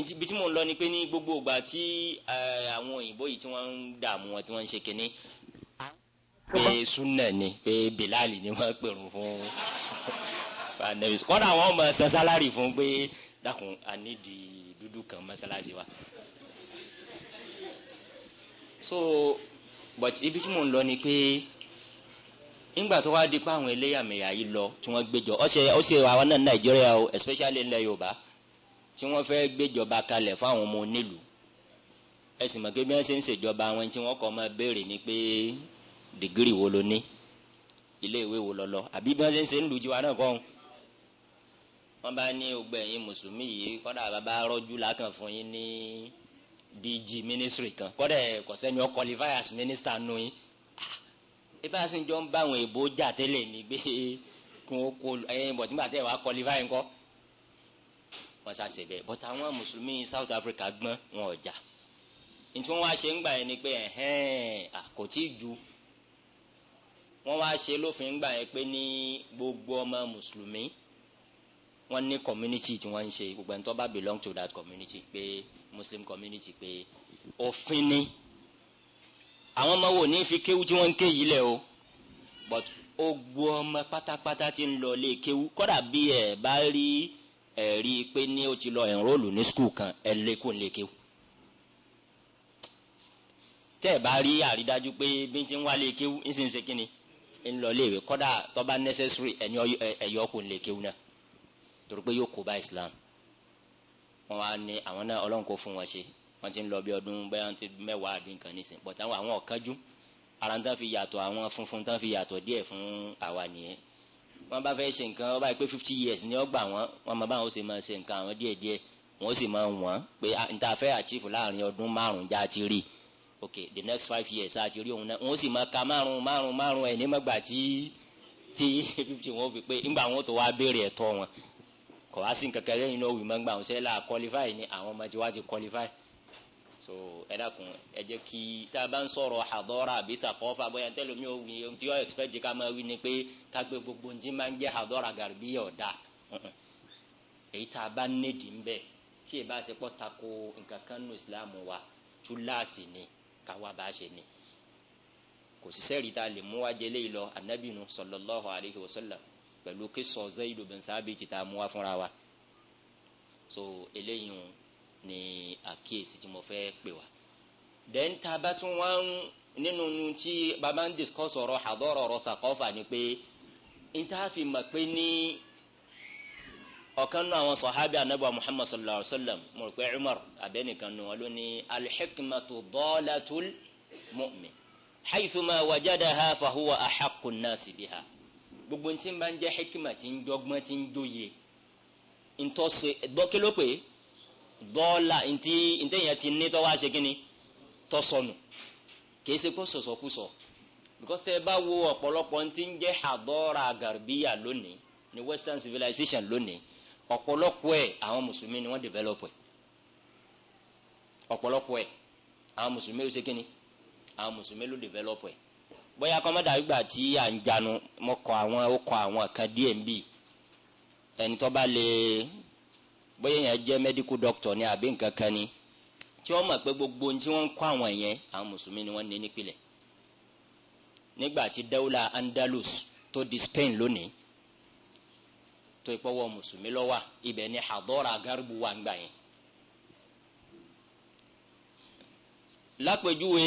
ibi tí mò ń lọ ni pé ní gbogbo ìgbà tí àwọn òyìnbó yìí tí wọ́n ń dààmú wọn tí wọ́n ń ṣe kinní pé súnà ni pé bilali ni wọ́n pèrò fún anabi kọ́dà àwọn ọmọ san sálárì fún pé dákun anídi dúdú kan mọ́sálásí wa. so but ibi tí mò ń lọ ni pé nígbà tó wá di pé àwọn ẹlẹ́yàmẹ̀yà yìí lọ tí wọ́n gbé jọ ọ̀sẹ̀ ọ̀sẹ̀ àwọn náà Nàìjíríà o especially ilẹ̀ Yorùbá tí wọ́n fẹ́ gbéjọba kalẹ̀ fáwọn ọmọ onílùú ẹ̀sìn mọ̀ pé bí wọ́n ṣe ń ṣèjọba wọn tí wọ́n kọ́ máa béèrè ni pé dìgírì wo lo ní ilé ìwé wo lọ lọ àbí bí wọ́n ṣe ń ṣe ń lù jíwa náà kọ́hún wọ́n bá ní gbogbo ẹ̀yin mùsùlùmí yìí kọ́dà bàbá rọ́jú làákàn fún yín ní DG ministry kan kọ́dà kò sẹ́ni ọ́ qualify as minister nù yín ibà ah, sì ń jọ ń bá àwọn èèbó jà tẹ́lẹ̀ ní gbé kún ó kó ẹ̀yin bọ̀ nígbà tẹ́ ẹ̀ qualify ńkọ́ wọ́n ṣàṣe bẹ́ẹ̀ bọ́tà àwọn mùsùlùmí South Africa gbọ́n wọn ò jà ntí wọ́n wáá ṣe ń gbà yẹn ni pé ẹ̀hẹ́n kò tí ì ju wọ́n wáá ṣe lófin gbà yẹn pé ní gbogbo ọmọ mùsùlùmí wọ́n ní community tí wọ́n ń ṣe gbogbo ẹni tó bá belong to that community pé Muslim community pé òfin ni àwọn ọmọ wo ní fi kéwú tí wọ́n ń ké yìí lẹ̀ o but ó gbọ́ ọmọ pátápátá tí ń lọ lé kéwú kódà bí ẹ̀ bá rí ẹ̀rí pé ní o ti lọ ẹ̀ńrọ́ọ̀lù ní skul kan ẹ̀ lékún lékew tẹ́ ẹ̀ bá rí àrídájú pé bí n ti ń wá lékew ń sì ń ṣe kínni ń lọ léèwé kọ́dà tó bá necessary ẹ̀yìn ẹ̀yọ́kùn lékew náà torí pé yóò kó bá Islam wọn wá ní àwọn náà Ọlọ́run kò fún wọn ṣe wọn ti ń lọ bí ọdún bẹ́ẹ̀ wọn ti mẹ́wàá àbí nǹkan nísìn but àwọn ọ̀kánjú ara tán fi yàtọ̀ àwọn funfun tán fi yàtọ̀ díẹ̀ fún àwa nìyẹn wọ́n bá fẹ́ ṣe nǹkan wọ́n bá yẹ pé fifty years ni wọ́n gbà wọ́n wọ́n máa bá wọn ṣe máa ṣe nǹkan àwọn díẹ̀díẹ̀ wọ́n sì máa wọ́n pé níta fẹ́ achieve láàrin ọdún márùn-ún já ti rí ok the next five years a ti rí òun náà wọ́n sì máa ka márùn-ún márùn-ún márùn-ún ẹ̀ ní mọ́gbà tí tí fifty wọ́n fi pé ńgbà wọn tó wá béèrè ẹ̀tọ́ wọn kọ̀ wá sí nǹkan kẹrẹ́ yìí náà wì mọ́gbà wọn sẹ́lá qualify ni àwọn ọmọ tí wá ti qualify so ẹ dákun ẹ jẹ́ kí tá a bá ń sọ̀rọ̀ hadọ́ra àbí takọ́fà bóyá tẹ́lẹ̀ mi ò wí ohun tí yọ ẹ̀túpẹ́jì ká máa wí ni pé ká gbé gbogbo ohun tí máa ń jẹ́ hadọ́ra gàrúbí ọ̀dà èyí tá a bá ń bẹ̀ tí ì bá ṣe pọ̀ tako nǹkan kan nù ìsìláàmù wa túláàsì ni káwa bá ṣe ni kò sì sẹ́ẹ̀rì tá lè mú wájú eléyìí lọ anábìnú sallallahu alayhi wa sallam pẹ̀lú kí sọ Zaidu bin Thabit tá a mú wá fúnra wa so eléyìí ni àkíyèsí tí mo fẹ́ pè wá. then tá a bá tún wá ń nínú tí bàbá ń discuss ọ̀rọ̀ àdọ́rọ̀ ọ̀rọ̀ thaqafa ni pé n ta fi mọ̀ pé ní ọ̀kan náà àwọn sọ̀hábì anábọ̀ muhammad sallallahu alayhi wa sallam mo rò pé umar abẹ́nìkan nù wọn ló ní alḥikmatu dalatul mu'min haythuma wajadaha fahuwa ahaqqu an gbogbo ntí n bá ń jẹ́ hikima tí ń dọ́gbọ́n tí ń dóye ntọ́sẹ̀ gbọ́kẹ́ ló pè é dọ́ọ̀là ntí ntẹ̀yìn ti ní tọ́wọ́ àṣẹ kínní tọ́ sọnù kìí ṣe because tẹ́ ẹ bá wo ọ̀pọ̀lọpọ̀ ntí ń jẹ́ hadọ́ra lónìí ní western civilization lónìí ọ̀pọ̀lọpọ̀ ẹ̀ àwọn mùsùlùmí ni wọ́n develop ẹ̀ ọ̀pọ̀lọpọ̀ ẹ̀ àwọn mùsùlùmí ló ṣe kínní àwọn mùsùlùmí ló develop ẹ̀ bóyá kọ́mọ́dà gbà tí à ń janu mọ́kọ àwọn ó kọ àwọn kan díẹ̀ ń bì ẹni lè bóyá èèyàn jẹ́ medical doctor ni àbí nǹkan kan ni tí wọ́n mọ̀ pé gbogbo ohun tí wọ́n ń kọ́ àwọn yẹn àwọn mùsùlùmí ni wọ́n ní nípìnlẹ̀ nígbà tí dawla Andalus tó di Spain lónìí tó ìpọ́wọ́ mùsùlùmí lọ́wọ́ ibẹ̀ ni hadora garibu wà ń gbà yẹn. lápèjúwe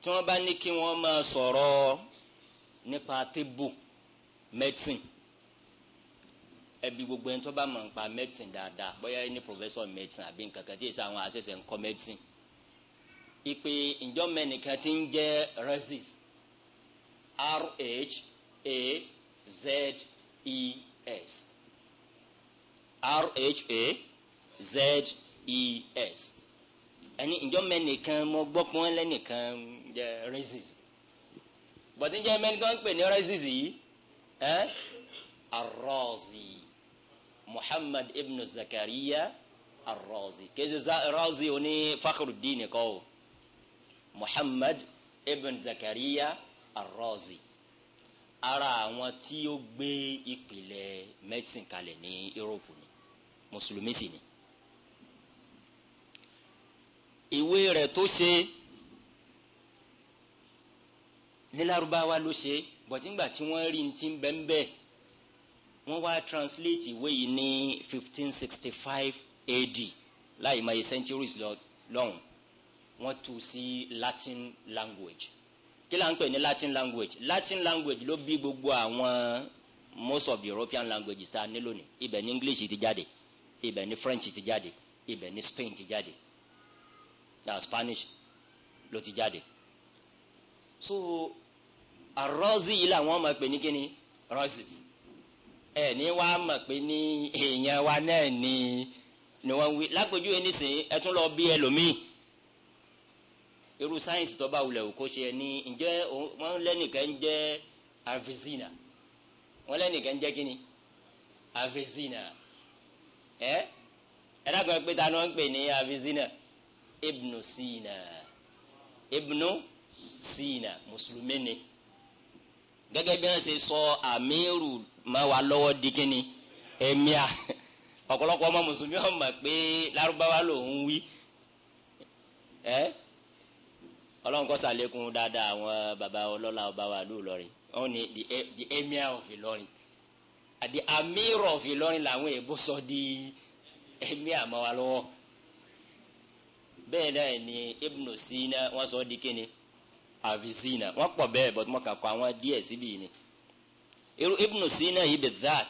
tí wọ́n bá ní kí wọ́n máa sọ̀rọ̀ nípa tébù medicine ẹbí gbogbo ẹni tó bá mọ̀ nípa medicine dáadáa bóyá ẹni professor medicine àbí nǹkan kan tí èsì àwọn àṣẹṣẹ ń kọ́ medicine ìpè ìjọ mẹ́nìkan ti ń jẹ́ rhesus r h a z e s r h a z e s ẹni ìjọ mẹ́nìkan mo gbọ́ pé wọ́n lẹ́nìkan jẹ́ rhesus bọ̀dé jẹ́ mẹ́nìkan ń pè ní rhesus yìí ẹ́ arọ́ọ̀sì yìí muhammad ibn zakariya arrozi kezi razi oní fakhruddin kọ́ o muhammad ibn zakariya arrozi ara àwọn tí ó gbé ìpìlẹ̀ medicine kalẹ̀ ní europe ni mùsùlùmí sì ni ìwé rẹ̀ tó ṣe ní lárúbáwá ló ṣe bọ̀tíngbà tí wọ́n rí ti ń bẹ́ẹ̀ bẹ́ẹ̀ wọ́n wá translate ìwé yìí ní fifteen sixty five AD láì mọ iye centuries lọ́hùn wọ́n tú sí Latin language kí là ń pè ní Latin language Latin language ló bí gbogbo àwọn most of European languages tá a ní lónìí ibẹ̀ ní English ti jáde ibẹ̀ ní French ti jáde ibẹ̀ ní Spain ti jáde na Spanish ló ti jáde so Ar-Razi yìí làwọn ọmọ pè ní kíni Roses ẹ ní wá mọ̀ pé ní èèyàn wa náà ni ni wọ́n wí lápèjúwe nísìnyí ẹ tún lọ bí ẹlòmíì irú sáyẹ́nsì tó bá wulẹ̀ kó ṣe ní ǹjẹ́ wọ́n lẹ́nìkan jẹ́ avicina wọ́n lẹ́nìkan jẹ́ kínní avicina ẹ ẹ dàgbà pé ta ni wọ́n ń pè ní avicina ibnu sina ibnu sina mùsùlùmí ni gẹ́gẹ́ bí wọ́n ṣe sọ amiru má wà lọ́wọ́ di kíni ẹ̀míà ọ̀pọ̀lọpọ̀ ọmọ mùsùlùmí ọmọ pé lárúbáwá lòún wí ẹ́ ọlọ́run kọ́ sàlékún dáadáa àwọn bàbá ọlọ́lá ọba wa lù lọ́rin wọ́n ní the e, emir of Ìlọrin àti amir of Ìlọrin làwọn ebo sọ di emir mọ́ wa lọ́wọ́ bẹ́ẹ̀ náà ni Ibn Sina wọ́n sọ di kíni Avicenna wọ́n pọ̀ bẹ́ẹ̀ bọ́tú mọ́kàn kọ́ àwọn díẹ̀ síbí ni irú Ibn Sina yìí bẹ that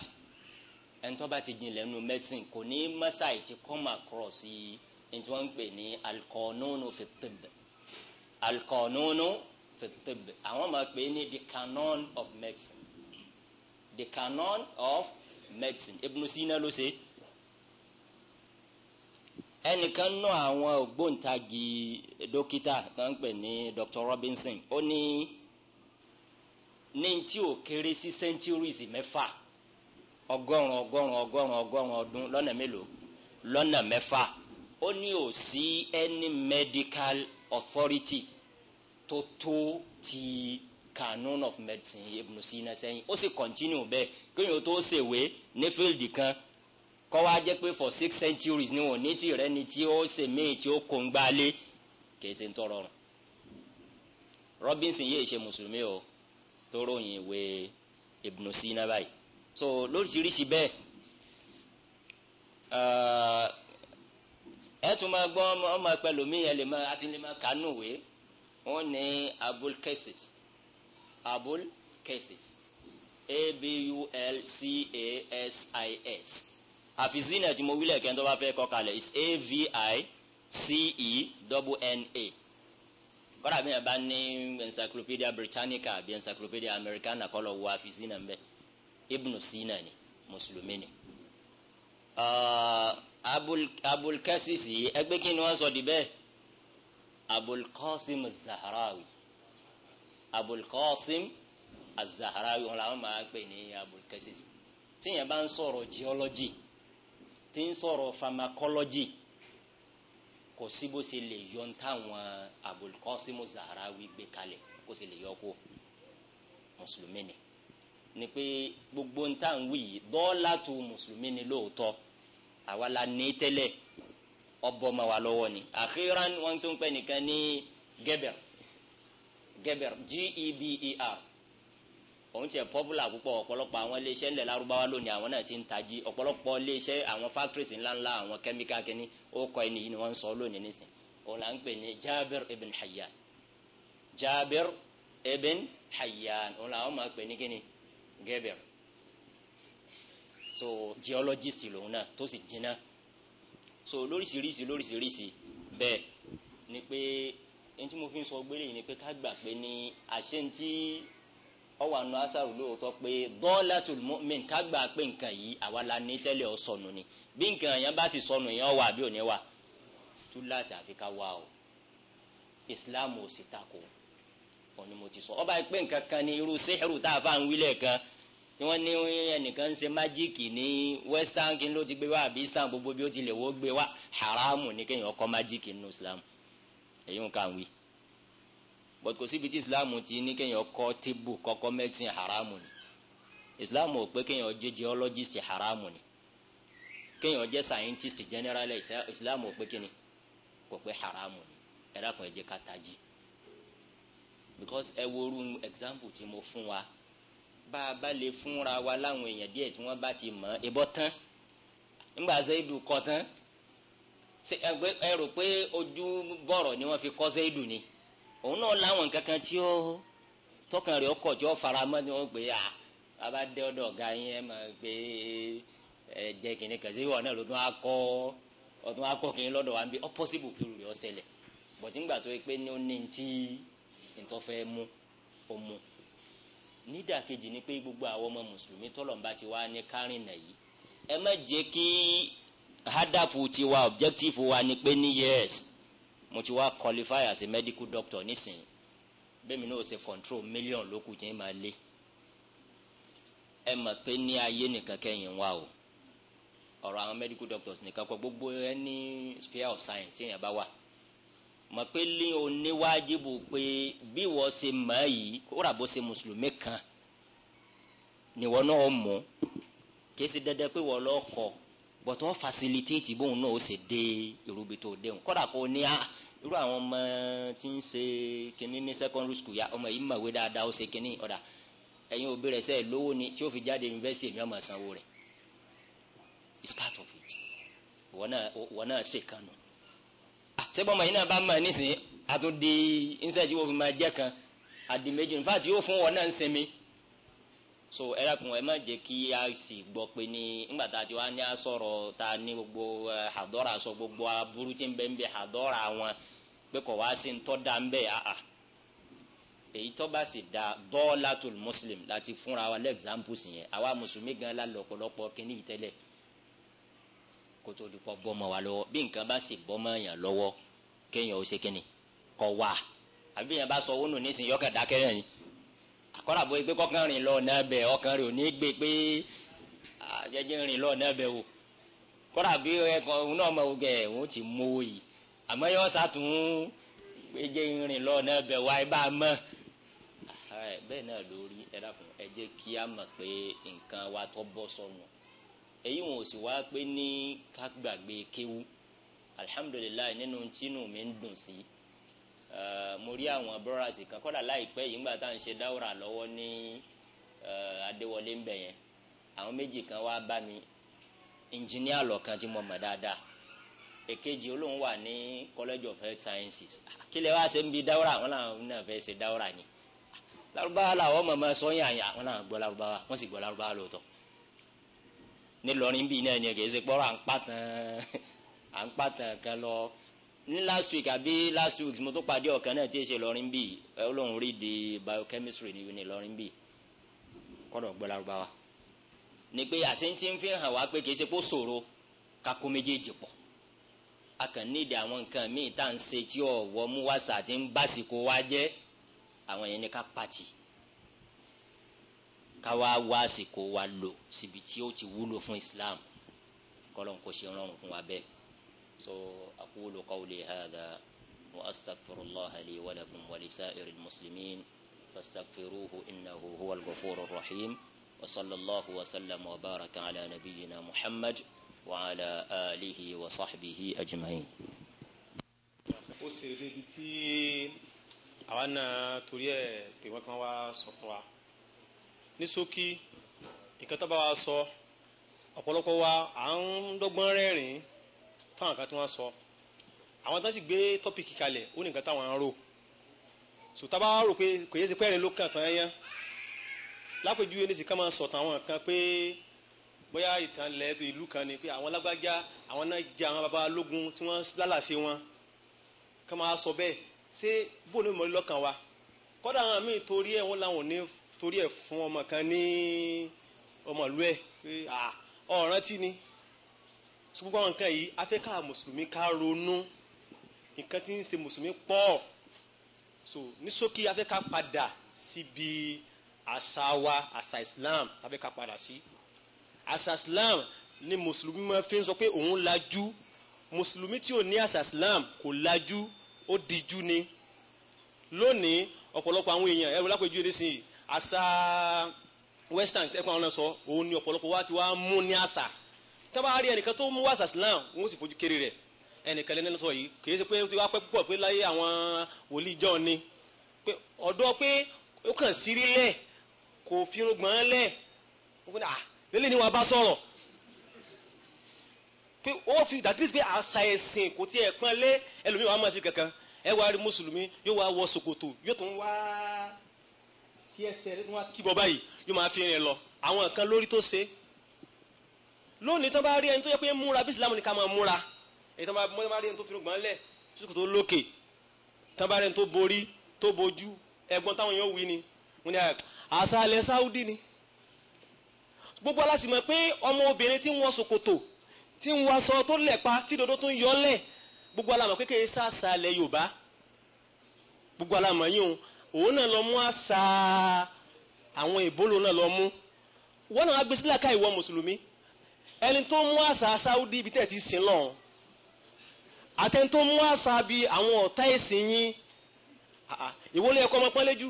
ẹnitọ́ bá ti jinlẹ̀ nu medicine kò ní masai ti come across yìí ẹnití wọ́n ń pè ní alkọ̀nùnù fi tibb alkọ̀nùnù fi tibb àwọn máa pè ní the canon of medicine the canon of medicine Ibn Sina ló ṣe ẹnìkan nọ àwọn ògbóǹtagì dókítà kan ń pè ní Dr. Robinson ó ní ní tí ò kéré sí centuries mẹ́fà ọgọ́rùn ọgọ́rùn ọgọ́rùn ọgọ́rùn ọdún lọ́nà mélòó lọ́nà mẹ́fà ó ní ò sí any medical authority tó tó ti canon of medicine Ibn Sina sẹ́yìn ó sì continue bẹ́ẹ̀ kéèyàn tó ṣèwé ní fíìlì kan kọ́ wa jẹ́ pé for six centuries ni wọ́n ní tí rẹ ni tí ó ṣe míì tí ó kó ń gbálé kì í ṣe ń tọrọ rùn Robinson yìí ṣe mùsùlùmí o tó ròyìn ìwé Ibn Sina báyìí so lóríṣiríṣi bẹ́ẹ̀ ẹ tún máa gbọ́ ọmọ pẹlúmi ẹ lè máa àti lè máa kánú wé wọn ní abul cases abul cases a b u l c a s i s àfi zina tí mo wílẹ̀ kẹ́ńtọ́ bá fẹ́ kọ́ kalẹ̀ is a v i c e double n a kọ́ra bí yẹn bá ní encyclopedia britannica àbí encyclopedia americana kọ́ lọ wo àfi sínà ń ibnu sina ni mùsùlùmí ni. Uh, abulkasisi ẹgbẹ́ kí ni wọ́n sọ di bẹ́ẹ̀ abulkasim zahrawi abulkasim azahrawi wọn làwọn máa ń pè ní abulkasisi tíyẹn bá ń sọ̀rọ̀ geology tí ń sọ̀rọ̀ pharmacology kò sí bó ṣe lè yọ táwọn Abul Qasim Zahrawi gbé kalẹ̀ kó ṣe lè yọ kó mùsùlùmí ni ni pé gbogbo ntá ń wí yìí dọ́là tó mùsùlùmí ni lóòótọ́ àwa la ní tẹ́lẹ̀ ọbọ̀ ma wà lọ́wọ́ ni àkíran wọn tó ń pẹ́ nìkan ní Geber Geber G-E-B-E-R òun tiẹ̀ popular púpọ̀ ọ̀pọ̀lọpọ̀ àwọn iléeṣẹ́ ńlẹ̀ lárúbáwá lónìí àwọn náà ti ń tají ọ̀pọ̀lọpọ̀ iléeṣẹ́ àwọn factories ńláńlá àwọn chemical kìíní ó kọ ẹni yìí ni wọ́n ń sọ lónìí nísìn òun là ń pè ní Jabir ibn Hayyan Jabir ibn Hayyan òun làwọn máa pè ní kíni Geber so geologist lòun náà tó sì jìnnà so lóríṣiríṣi lóríṣiríṣi bẹ́ẹ̀ ni pé ẹni tí mo fi ń sọ gbélé yìí ni pé ká gbà pé ní àṣẹ ń ọwọ́ àánú atharu lóòótọ́ pé dalatul mu'min ká gbà pé nǹkan yìí àwa la ní tẹ́lẹ̀ ọ sọnù ni bí nǹkan yẹn bá sì sọnù yẹn wà bí ò ní wà túláàsì àfi wà o islam ò sì takò ọ̀ ni mo ti sọ ọba pé nǹkan kan ni irú sẹ́hìrù tá a fà ń wílẹ̀ kan tí wọ́n ní ẹnìkan ń ṣe májíìkì ní western kí ló ti gbé wá àbí islam gbogbo bí ó ti lè wó gbé wá haramu ní kéèyàn kọ́ májíìkì nínú islam èyí ń kà ń wí but kò síbi tí islam ti ní kéèyàn kọ́ tébù kọ́kọ́ medicine haramu ni islam ò pé kéèyàn jẹ́ geologist haramu ni kéèyàn jẹ́ scientist general islam ò pé kíni kò pé haramu ni ẹ dákun ẹ jẹ́ ká tají because ẹ wo irú example tí mo fún wa bá a bá lè fúnra wa láwọn èèyàn díẹ̀ tí wọ́n bá ti mọ̀ ẹ bọ́ tán ńgbà zayidu kọ tán ẹ rò pé ojú bọ̀rọ̀ ni wọ́n fi kọ́ zayidu ni. òun náà láwọn nǹkan kan tí ó tọkàn rẹ̀ ọkọ̀ tí fara mọ́ ni wọ́n gbé a bàbá dé ọ̀dọ̀ ọ̀gá yín ẹ máa gbé ẹ jẹ́ kìnìún kan sí náà ló kìnìún wa ń bí ọ pọ́sibù ọ ńgbà tó yẹ pé ní ó ní ti ntọ́fẹ́ mú ni pé gbogbo àwọn ọmọ mùsùlùmí ti wá ní kárìnà yìí ẹ má kí hádàfù tiwa wa ni mo ti wá qualify as a medical doctor nísìnyí bẹ́ẹ̀mi náà ṣe control million ló kù jẹ́ máa lé ẹ mọ̀ pé ní ayé nìkan kẹ́yìn wá o ọ̀rọ̀ àwọn medical doctors nìkan kọ́ gbogbo ẹni sphere of science téèyàn bá wà mọ̀ pé lé oníwájibù pé bí wọ́n ṣe mọ̀ ẹ́ yìí kóra bó ṣe mùsùlùmí kan nìwọ náà mọ̀ kí ṣe dandan pé wọ́n lọ́ọ́ kọ́ bọ̀tọ̀ facilitate bóun náà ó ṣe dé irúbi tó déun kódà kó ní à. Ah, irú àwọn ọmọ tí ń ṣe kínní ní secondary school ya ọmọ yìí mọ̀wé dáadáa ó ṣe kínní ọ̀dà ẹ̀yin òbí rẹ̀ sẹ́ẹ̀ lówó ni tí ó fi jáde university èmi ọmọ sanwó rẹ̀ it's part of it wọ́n náà wọ́n náà ṣe kan nù. Ah, sẹ́gbọ́n mọ̀ yìí náà bá mọ̀ di wo fi máa jẹ́ kan àdì méjì in fact yóò fún wọn náà ń sinmi. so ẹ dákun ẹ má a sì gbọ pé ní ńgbà tá a ti wá ní ta gbogbo àdọ́rà eh, sọ gbogbo aburú tí ń pé kò wá sí ntọ́ da ń bẹ́ àà èyí tó bá sì da dọ́ọ̀látòl muslim láti fúnra wa lẹ́gzámpùs yẹn àwa mùsùlùmí gan la lọ́pọ̀lọpọ̀ kíní ìtẹ́lẹ̀ kótó dupọ̀ bọ́mọ wa lọ́wọ́ bí nǹkan bá sì bọ́mọ yàn lọ́wọ́ kéèyàn ó ṣe kíni kọ́ wa àbí yẹn bá sọ owó nù nísìnyí ọkàn dákẹ́rẹ́ yìí àkọ́lá bó gbé kọ́kàn rìn lọ náà bẹ̀ ọkàn rìn ò ní gbé pé jẹjẹ rìn lọ náà bẹ̀ o bí ẹ̀kọ́ àmọ́ yọ sàtún gbẹjẹ irin lọ náà bẹ̀ wá ẹ bá a mọ̀ bẹ́ẹ̀ náà lórí ẹ dàpọ̀ ẹ jẹ́ kí a mọ̀ pé nǹkan wa tó bọ́ sọ̀rọ̀ èyí wọn ò sì wá pé ní ká gbàgbé kéwú alihamudulilayi nínú tínú mi ń dùn sí mo rí àwọn brọ́rasì kan kọ́dà láìpẹ́ yìí ńgbà tá à ń ṣe dáwọ́rà lọ́wọ́ ní adéwọlé ń bẹ̀ yẹn àwọn méjì kan wá bá mi ẹnjìníà lọ̀kan tí mo mọ̀ dáadáa èkejì olóhùn wà ní college of health sciences kí lè wá ṣe ń bi dáwọ́rà àwọn làwọn náà fẹ́ ṣe dáwọ́rà ni lárúbáwá làwọn mọ̀mọ́ sọ́yìn àyà àwọn làwọn gbọ́ lárúbáwá wọ́n sì gbọ́ lárúbáwá lóòótọ́ nílọrin bíi náà ni kì í ṣe pọ́rọ̀ à ń pàtàn à ń pàtàn kan lọ ní last week àbí last week mo tó pàdé ọ̀kan náà tí ì ṣe lọrin bíi olóhùn rí di biochemistry ní lọrin bíi kọ́dọ̀ gbọ́ lárúbáwá ni pé àṣẹ ti ń fi hàn wá pé kì í ṣe pé ó ṣòro kakó méjèèjì pọ̀ a kàn nídìí àwọn nǹkan míì tá à ń ṣe tí ọ̀wọ́ mú wá sà tí ń básìkò wá jẹ́ àwọn yẹn ní ká pàtì ká wá wá àsìkò wa lò síbi tí ó ti wúlò fún Islam kọ́lọ́n kò ṣe rọrùn fún wa bẹ́ẹ̀ so aqulu qawli hadha wa astaghfirullaha li wa lakum wa lisairil muslimin fastaghfiruhu innahu huwal ghafurur rahim wa sallallahu wa sallama wa baraka ala nabiyyina Muhammad. وعلى آله وصحبه أجمعين ó ṣe débi pé wọ́n kàn wá sọ fún wa ní ṣókí nǹkan tó bá wa sọ ọ̀pọ̀lọpọ̀ wa à ń dọ́gbọ́n rẹ́rìn fún àwọn kan tí wọ́n sọ àwọn tó ń sì gbé tọ́pìkì kalẹ̀ ó ní nǹkan táwọn ń rò sòtá bá rò pé kò yẹ ti pẹ́ẹ́rẹ́ ló kàn tán yẹn lápèjúwe ní sì ká máa sọ̀tàn àwọn kan pé bóyá ìtàn lẹ́ẹ̀tò ìlú kan ni pé àwọn lágbájá àwọn náà jẹ àwọn baba lógun tí wọ́n lálàsẹ wọn ká máa sọ bẹ́ẹ̀ ṣé bóòlù mọ̀ lọ́kàn wa kọ́dà àwọn míì torí ẹ̀ wọ́n làwọn ò ní torí ẹ̀ fún ọmọ kan ní ọmọlú ẹ̀ pé ọ̀ràn tí ni ṣùgbọ́n nǹkan yìí afẹ́ká mùsùlùmí ká ronú nǹkan tí ń ṣe mùsùlùmí pọ̀ so ní ṣókí afẹ́ká padà síbi àṣà wa àṣà Islam tàbí ká padà sí. Si àṣà ni mùsùlùmí máa fi ń sọ pé òun lajú mùsùlùmí tí ò ní àṣà islam kò lajú ó dijú ni lónìí ọ̀pọ̀lọpọ̀ àwọn èèyàn ẹ̀rọ lápẹ̀jú ẹ̀rẹ́ sìn àṣà western ẹ̀kọ́ àwọn náà sọ òun ni ọ̀pọ̀lọpọ̀ wa ti wá mú ní àṣà tí wọ́n bá rí ẹnìkan tó mú àṣà islam wọ́n sì fojú kéré rẹ̀ ẹnìkan lẹ́nu sọ yìí kì ṣe pé ó ti wá pẹ́ púpọ̀ pé láyé àwọn wòlíì jọ ni pé ọ̀dọ́ pé ó kàn sírí lẹ̀ kò fi irun gbọ̀n lẹ̀ ó fún mi ah lélẹ̀ ni wọ́n bá sọ̀rọ̀ pé ó fi that is pé àṣà ẹ̀sìn kò tí ẹ̀ pọ́n lé ẹlòmíì wàá mọ̀ sí kankan ẹ wá rí mùsùlùmí yóò wá wọ ṣòkòtò yóò tún wá kí ẹsẹ̀ rẹ̀ wá kí bọ́ báyìí yóò máa fi rìn lọ àwọn kan lórí tó ṣe lónìí tán bá rí ẹni tó yẹ pé múra bí Islam ní ká máa múra èyí tán bá rí ẹni tó fi gbọ́n lẹ̀ ṣòkòtò lókè tán bá rí ẹni tó borí tó bojú ẹ̀gbọ́n táwọn èèyàn wí ni wọ́n ní Saudi ni gbogbo aláṣì mọ̀ pé ọmọ obìnrin tí ń wọ ṣòkòtò tí ń wọ aṣọ tó lẹ̀pa tí dodo tó ń yọlẹ̀ gbogbo alámọ̀ kékeré sáàsà ilẹ̀ yorùbá gbogbo alámọ̀ yìí òun náà lọ mú àṣà àwọn ìbólò náà lọ mú wọn náà gbé sílẹ̀ ká ìwọ mùsùlùmí ẹni tó mú àṣà sáúdí ibi tẹ̀ ti sìn lọ́hùn àtẹni tó mú àṣà bíi àwọn ọ̀tá ìsìn yín ìwọlé ẹ̀kọ́ ọmọ pọ́nlẹ́jù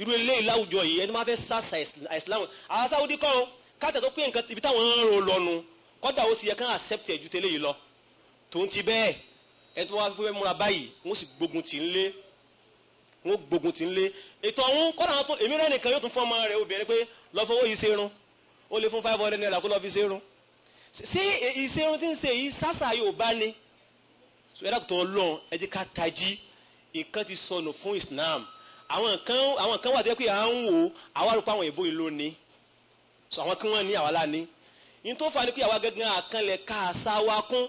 irú eléyìí láwùjọ yìí ẹni máa fẹ́ sàṣà àìsílámù àwọn sáwùdí kọ́ ọ káàtà tó pé nǹkan ibi táwọn ń ro lọ́nu kọ́dà ó sì yẹ kán accept ẹ̀jú tẹ́lẹ̀ yìí lọ tòun ti bẹ́ẹ̀ ẹni tó wá fẹ́ múra báyìí wọ́n sì gbógun tì ń lé wọ́n gbógun tì ń lé ètò àwọn kọ́dà àwọn tó èmi rẹ̀ nìkan yóò tún fún ọmọ rẹ̀ obìnrin pé lọ fọwọ́ yìí ṣerun ó lè fún five hundred naira kó lọ fi ṣerun ṣé ìṣerun tí ń ṣe yìí sàṣà yóò bá ní so ẹ dákùtàn àwọn kan àwọn kan wà tó yẹ pé à ń wò àwa rò àwọn ìbò ìlú ni so àwọn kan wọ́n ní àwa láni ní tó fà ní pé àwa gẹ́gẹ́ àkànlẹ̀ kàṣà wa kún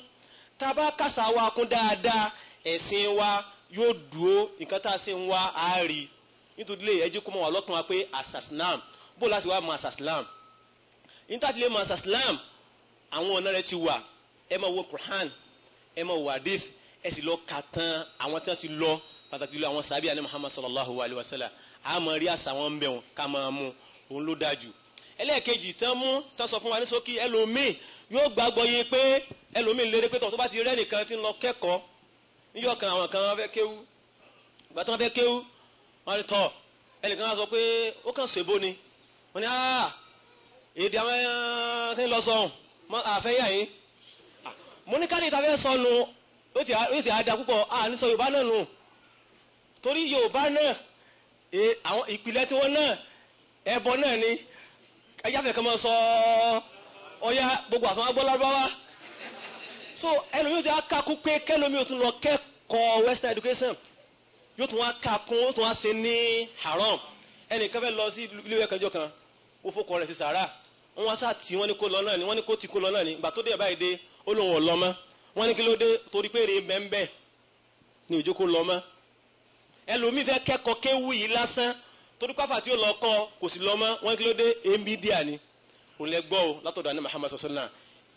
tá a bá kàṣà wa kún dáadáa ẹ̀sìn wa yóò dúró nǹkan tá a ṣe ń wá a rí nítorí ẹjẹ́ kó mọ̀ wà lọ́kàn wa pé asasilam bó láti wá mọ̀ asasilam nítàtílé mọ̀ asasilam àwọn ọ̀nà rẹ̀ ti wà ẹ máa wo Quran ẹ máa wo ẹ sì lọ kà àwọn tí wọ́n ti lọ pàtàkì jùlọ àwọn sàbíà ní muhammad sallallahu alayhi wa sallam a máa rí àṣà wọn bẹ̀ wọn ká máa mú òun ló dáa jù ẹlẹ́ẹ̀kejì tán mú tán sọ fún wa ní sókí ẹlòmíì yóò gbàgbọ́ yé pé ẹlòmíì lérí pé tó bá ti rẹ́ nìkan ti ń lọ kẹ́kọ̀ọ́ níjọ́ kan àwọn kan fẹ́ kéwú ìgbà tí wọ́n fẹ́ kéwú wọ́n ti tọ̀ ẹnìkan wá sọ pé ó kàn ṣèbó ni wọ́n ní èdè àwọn ẹ̀yàn eh, tí ń lọ sọ̀hún àfẹ́yà yín mo ní káàdì ìtafẹ́ sọnù ó sì á púpọ̀ à sọ yorùbá náà nù torí yorùbá náà e, àwọn ìpìlẹ̀ tiwọn náà ẹbọ náà ni ẹjáfẹ́ kan máa sọ ọyá gbogbo àtàwọn agbọ́lábáwá so ẹlòmíì ti akakú pé kẹlòmíì tún lọ kẹ́kọ̀ọ́ western education yóò tún wá kakún ó tún wá ṣe ní haram ẹnìkan fẹ́ lọ sí ilé ẹ̀kẹ́jọ kan ó fọkọ rẹ̀ sí sàárà wọ́n wá sá tí wọ́n ní kó lọ náà ni wọ́n ní kó ti kó lọ náà ni ìgbà tó dé báyìí dé ó lóun ò lọ mọ́ wọ́n ní kí ló dé torí pé rèé bẹ́ẹ̀ bẹ́ẹ̀ ni òjò lọ mọ́ ẹlòmíì fẹ́ kẹ́kọ̀ọ́ kéwú yìí lásán torí pàfà tí ó lọ kọ́ kò sí lọ mọ́ wọ́n kí ló dé embidia ni òun lẹ gbọ́ o látọ̀dọ̀ àná Muhammad sọ̀sọ́nà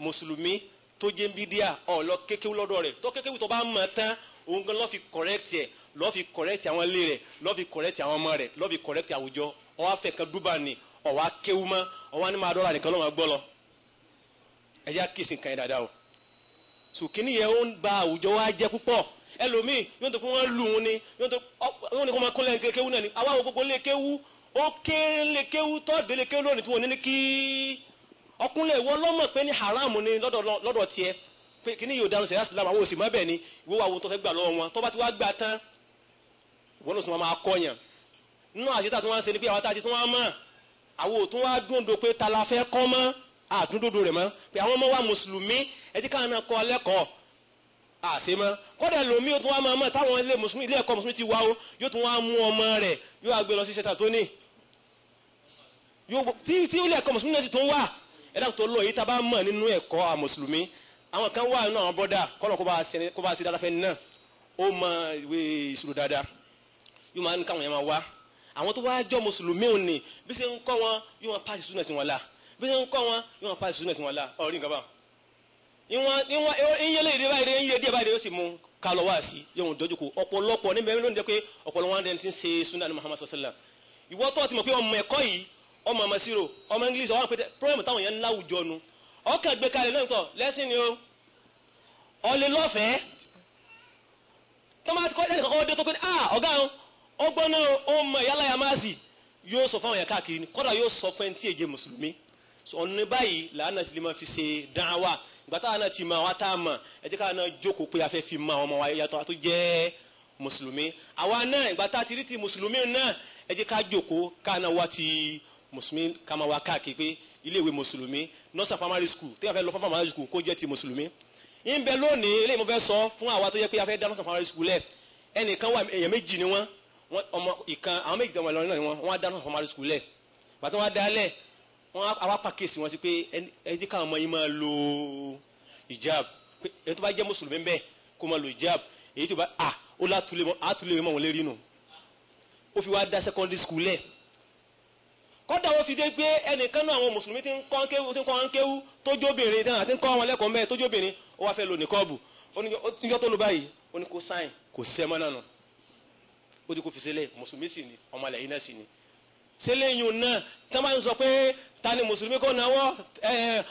mùsùlùmí tó jẹ́ embidia ọ̀n lọ kékewu lọ́dọ̀ rẹ̀ tó kékewu tó bá mọ̀ tán òun gan lọ́ fi kọ̀rẹ́tì ẹ̀ lọ́ fi kọ̀rẹ́tì àwọn ilé rẹ̀ lọ́ fi kọ̀rẹ́tì àwọn ọmọ rẹ̀ lọ́ fi àwùjọ ó wá kan dúbà ni ó wá kéwu mọ́ ó wá nìkan lọ́wọ́ gbọ́ lọ ẹ̀yà kìsìn kan yẹn dáadáa o sùkínì yẹn ó ń ba àwùjọ wa jẹ́ púpọ̀ ẹlòmíì yóò tó kó wọn lù ún ni yóò tó wọn ni kó máa kó lẹ́yìn kéwú náà ni àwa wo gbogbo lékéwú ó kéré lékéwú tọ́ọ̀dé lékéwú lónìí tí wọn ní kí ọkùnrin ìwọ lọ́mọ̀ pé ní haram ni lọ́dọ̀ tiẹ̀ pé kí ni yóò dáhùn sẹ́yà sílámù àwọn òsì má bẹ̀ ni ìwọ wa wo tó fẹ́ gbà lọ́wọ́ wọn tó bá ti wá gbà tán wọn ló tún máa kọ́ yàn nínú àṣetà tí wọ́n ń ṣe ni pé àwọn tá a ti tún mọ̀ àwọn ò wá dúndò pé ta la fẹ́ kọ́ mọ́ àtúndòdò rẹ̀ mọ́ pé àwọn ọmọ wa mùsùlùmí ẹ náà kọ́ lẹ́kọ̀ọ́ àṣemọ́ kọ́dà lomi yóò tún wá máa mọ̀ táwọn ilé mùsùlùmí ilé ẹ̀kọ́ mùsùlùmí ti wá o yóò tún wá mú ọmọ rẹ̀ yóò wá gbé lọ sí ṣẹta tó ní tí ilé ẹ̀kọ́ mùsùlùmí náà sì tún wà ẹ̀dá tó lọ yìí tá a bá mọ̀ nínú ẹ̀kọ́ àmùsùlùmí àwọn kan wà nínú àwọn bọ́dà kọ́nà kó bá ṣe dáadáa fẹ́ni náà ó mọ ìwé ìṣirò dáadáa yóò máa ń káwọn yẹn máa wá àwọn tó wá jọ mùsùlùmí ò ní bí ṣe ń kọ́ wọn yóò máa pàṣẹ súnà sí wọn la bí ṣe ń kọ́ wọn yóò máa pàṣẹ súnà sí wọn la ọ̀rí nǹkan ìyẹlẹ ìdí báyìí ń yẹ díẹ̀ báyìí yóò sì mú ká lọ wá sí yóò dojúkọ ọ̀pọ̀lọpọ̀ níbẹ̀ ló ń jẹ́ pé ọ̀pọ̀lọpọ̀ wọn ti ń ṣe sunna ní muhammadu sallam ìwọ tó ti mọ̀ pé ọmọ ẹ̀kọ́ yìí ọmọ ọmọ sírò ọmọ english ọwọ́n pété problem táwọn yẹn ń láwùjọ nu ọkàn gbé kalẹ̀ lẹ́yìn tọ̀ lẹ́sìn ni o ọlẹ́ lọ́fẹ̀ẹ́ tọ́mátì kọ́ ẹ̀dẹ̀ kọ́kọ́ dé tó pé ah ọ̀gá ọgbọ́n náà ọmọ gbàtà náà ti mọ àwọn tá a mọ ẹ jẹ́ ká náà jókòó pé a fẹ́ fi mọ ọmọ wa yàtọ̀ àtó jẹ́ mùsùlùmí àwa náà ìgbàtà ti rí ti mùsùlùmí náà ẹ jẹ́ ká jókòó ká náà wá ti mùsùlùmí ká máa wá káàkiri pé iléèwé mùsùlùmí nọ́ọ̀sà primary school tí a fẹ́ lọ fún primary school kó jẹ́ ti mùsùlùmí ń bẹ lónìí eléyìí mo fẹ́ sọ fún àwa tó yẹ pé a fẹ́ dá nọ́ọ̀sà primary school lẹ̀ ẹnìkan wà èèyàn méjì ni wọ́n ọmọ ìkan àwọn méjì tẹ̀wọ̀n lọ́nà school lẹ̀ bàtà wọ́n á wọn àwa pàkíyèsí wọn sí pé ẹdí káwọn ọmọ yìí máa lo hijab èyí tó bá jẹ́ mùsùlùmí bẹ́ẹ̀ kó máa lo hijab èyí tó bá à ó látúlé mọ́ àtúlé mọ́ wọn lérí nù ó fi wá dá secondary school lẹ̀ kọ́dà wọ́n fi dé gbé ẹnìkan náà àwọn mùsùlùmí ti ń kọ́ kéwú ti ń kọ́ wọn kéwú tójóbìnrin tí wọn àti ń kọ́ wọn lẹ́kọ̀ọ́ mẹ́ẹ̀ tójóbìnrin ó wá fẹ́ lo nìkọ́ọ̀bù oníjọ́ tó lo báyìí ó ní kó sáìn kò sẹ́mọ́ náà nù ó ti kó fi sílẹ̀ mùsùlùmí sì ni ọmọ àlẹ́ yìí náà sì ni sílẹ̀ yìí náà tí wọ́n bá ń sọ pé ta ni mùsùlùmí kò náwó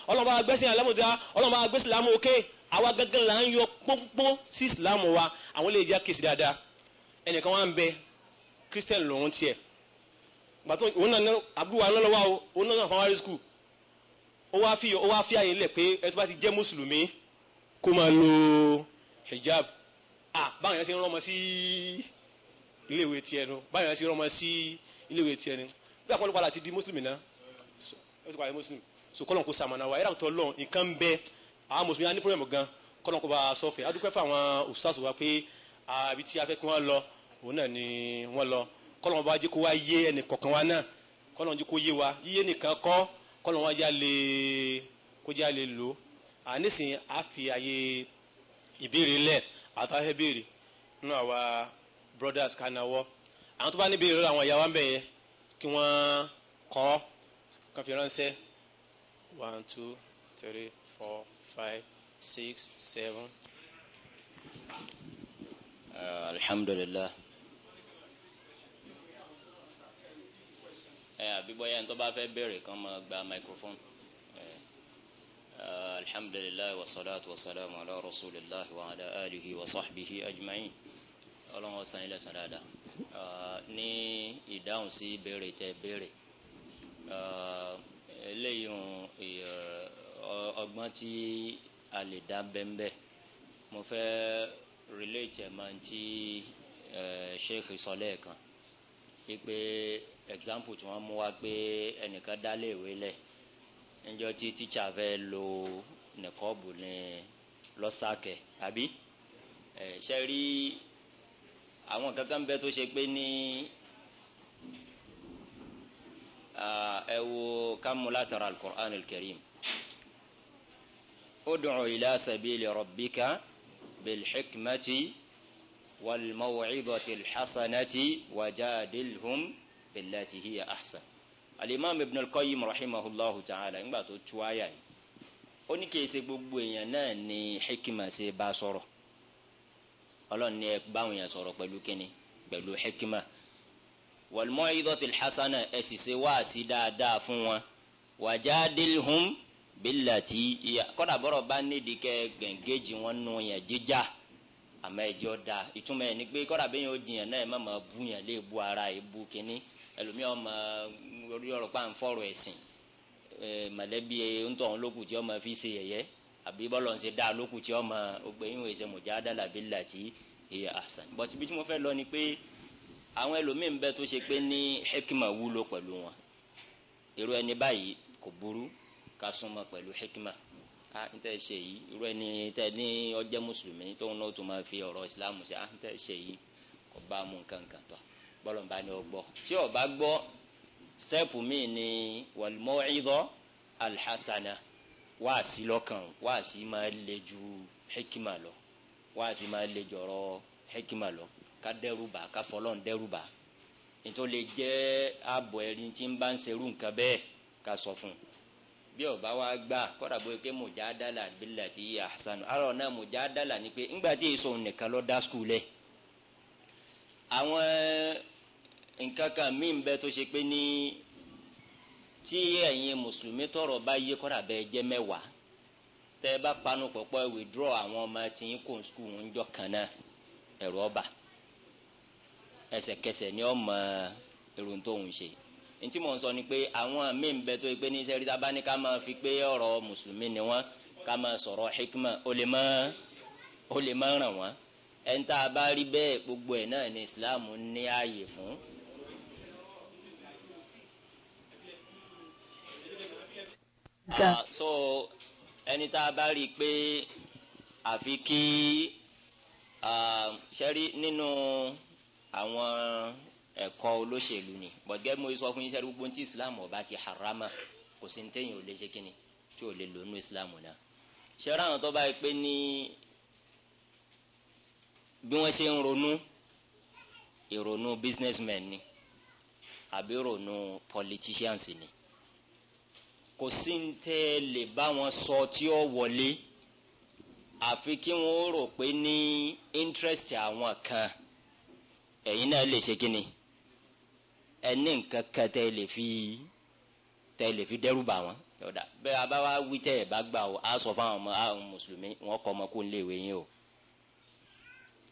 ọlọ́mọba agbẹ́sìn alámùdá ọlọ́mọba agbẹ́sìn lámù òkè àwa gángan là ń yọ pọ́npọ́n sí ìsìlámù wa àwọn lè jẹ́ kìsì dáadáa ẹnìkan wá ń bẹ christian lòun tiẹ̀ gbàtọ́ òun náà àbúrò wa lọ́wọ́ o òun náà fún wárí skul ó wá fi ó wá fi àyè lẹ̀ pé ẹ bá ti jẹ́ mùsùlùmí kó máa lo hijab ah báwọn yẹn ṣe ń rọmọ sí iléèwé tiẹ̀ nu báwọn yẹn ṣe ń rọmọ sí iléèwé tiẹ̀ nu bí àpọ̀lọpọ̀ àti di mùsùlùmí náà ó ti pàdé muslim so kọ́lọ́n kó sàmànà wa ẹ̀rọ àtọ́ lọ́n nǹkan ń bẹ àwọn mùsùlùmí á ní pọ́lẹ́mù gan kọ́lọ́n kó bá e. a sọ́fẹ̀ á dúpẹ́ fáwọn òṣìṣàṣù wa pé àbí tí a fẹ́ kí wọ́n lọ òun náà ni wọ́n lọ kọ́lọ́n bá jẹ́ kó wá yé ẹnì kọ̀ọ̀kan wa náà kọ́lọ́n jẹ́ kó yé wa yíyé nìkan kọ́ kọ́lọ́n wá já kó já lò à nísìnyí á fi àyè ìbéèrè lẹ̀ àtàwọn ẹbéèrè nínú àwa brothers kanáwọ́ àwọn tó bá níbi ìrora àwọn ìyàwó àmbẹ̀yẹ kan fi ránṣẹ́ one two three four five six seven. Uh, alhamdulilah. ẹ àbí bóyá ẹni tó bá fẹ́ béèrè kan máa gba microphone. الحمد لله والصلاة والسلام على wa ala alihi wa وصحبه ajma'in. ọlọ́run ọ̀sán ilẹ̀ sàn dáadáa uh, ní ìdáhùn sí béèrè tẹ béèrè Uh, eléyìí uh, ọgbọ́n tí a lè dá bẹ́ńbẹ́ mo fẹ́ relate ẹ̀ máa ti uh, ṣéèkì sọ lẹ́ẹ̀kan pípé example tí wọ́n mú wa pé ẹnìkan dá léèwé lẹ̀ níjọ́ tí tíṣà fẹ́ lo nìkọ́ọ̀bù ní lọ́sàkẹ̀ àbí ṣe rí àwọn kankan bẹ́ẹ̀ tó ṣe pé ní. Ah, ẹ wo kámúlá tara alukur'an alkarim ud'u ila sabili rabbika bilhikmati walmawcidati alxasanati wajadilhum bilati hiya axsan alimam ibn alqayyim rahimahullahu ta'ala ńgbà tó tu aya yìí ó gbogbo èèyàn náà ní hikima ṣe bá sọ̀rọ̀ ọlọ́run ní ẹ báwọn èèyàn sọ̀rọ̀ pẹ̀lú kíni pẹ̀lú hikima walmo'izatil hasana ẹ sì ṣe wáàsí dáadáa fún wọn wajadilhum billati ìyá kọ́dà bọ́rọ̀ bá nídìí kẹ́ gẹ̀ǹgẹ́jì wọn nù yẹn jíjà àmọ́ ẹjọ́ da ìtumọ̀ ẹ̀ ni pé kọ́dà bẹ́ẹ̀ yóò jiyàn náà ẹ̀ má máa bú yẹn lé bu ara ẹ̀ bu kínní ẹlòmíọ́ ma orí ọ̀rọ̀ pa ń fọ̀rọ̀ ẹ̀sìn mọ̀lẹ́bí ńtọ̀ ọ̀hún lókù tí ọmọ fi ṣe yẹ̀yẹ́ àbí bọ́lọ̀ ń ṣe dáa lókù tí ọmọ ọgbẹ́ yìí ń làtí ìyá àṣà bọ́tí àwọn ẹlòmíín bẹ tó ṣe pé ní hekima wúlò pẹ̀lú wọn irú ẹni báyìí kò burú ká súnmọ́ pẹ̀lú hekima a n tẹ ṣe yìí irú ẹni tẹ ní ọjẹ́ mùsùlùmí tóun náà tó máa fi ọ̀rọ̀ ìsìlámù ṣe a n tẹ ṣe yìí kò bá mú nǹkan kan tọ́ bọ́lọ̀ bá ní ọgbọ́ tí ọba gbọ́ stẹ́ẹ̀pù míì ni wàlúmọ́ọ́ìdọ́ alhassana wáàsí lọ́kàn wáàsí máa le ju hekima lọ wáàsí máa le jọ̀rọ̀ hekima lọ ká dẹ́rùbà ká fọlọ́n dẹ́rùbà ètò lè jẹ́ ààbọ̀ ẹni tí ń bá ń serú nǹkan bẹ́ẹ̀ ká sọ fún un bí ọba wa gbà kọ́dà bóyá pé mujadala billati hiya ahsanu àrò náà mujadala ni pé ńgbà tí èso nìkan lọ́ọ́ dá skul lẹ̀ àwọn nǹkan kan míì ń bẹ tó ṣe pé ní tí ẹ̀yin mùsùlùmí tọrọ bá yé kọ́dà bẹ́ẹ̀ jẹ́ mẹ́wàá tẹ́ bá panu pọ̀pọ̀ withdraw àwọn ọmọ tí ń kó skul ń jọ kan náà ẹ̀rọ ọba ẹsẹ̀kẹsẹ̀ ni ọ mọ irun tó ń ṣe ntí mò ń sọ ni pé àwọn míì ń bẹ tó pé ní sẹ́rí tábà ní ká máa fi pé ọ̀rọ̀ mùsùlùmí ni wọ́n ká máa sọ̀rọ̀ hikma ó lè má ó lè má ràn wọ́n ẹni tá a bá rí bẹ́ẹ̀ gbogbo ẹ̀ náà ni islam ní ààyè fún. Ah, so ẹni tá a bá rí i pé àfi kí ah, ṣẹ́rí nínú. No, àwọn ẹ̀kọ́ olóṣèlú ni but gẹ́gẹ́ bí mo sọ fún yín sẹ́rí gbogbo ní ti islam ọba ti harama kò sí ní téèyàn ò lè ṣe kíni tí ò lè lò nínú islam náà ṣẹ́rọ àwọn tó báyìí pé ní bí wọ́n ṣe ń ronú ìrònú businessmen ni àbí ìrònú politicians ni kò sí ń tẹ́ lè bá wọn sọ tí ó wọlé àfi kí wọ́n rò pé ní interest àwọn kan. In ẹ̀yin náà lè ṣe kíni ẹni nǹkan kan tẹ́ lè fi tẹ́ lè fi dẹ́rù bà wọ́n yọ̀dà bẹ́ẹ̀ abáwá wí tẹ́ ẹ̀ bá gbà ó á sọ fáwọn ọmọ àwọn mùsùlùmí wọn kọ́ ọmọ kó ń lé ìwé yín o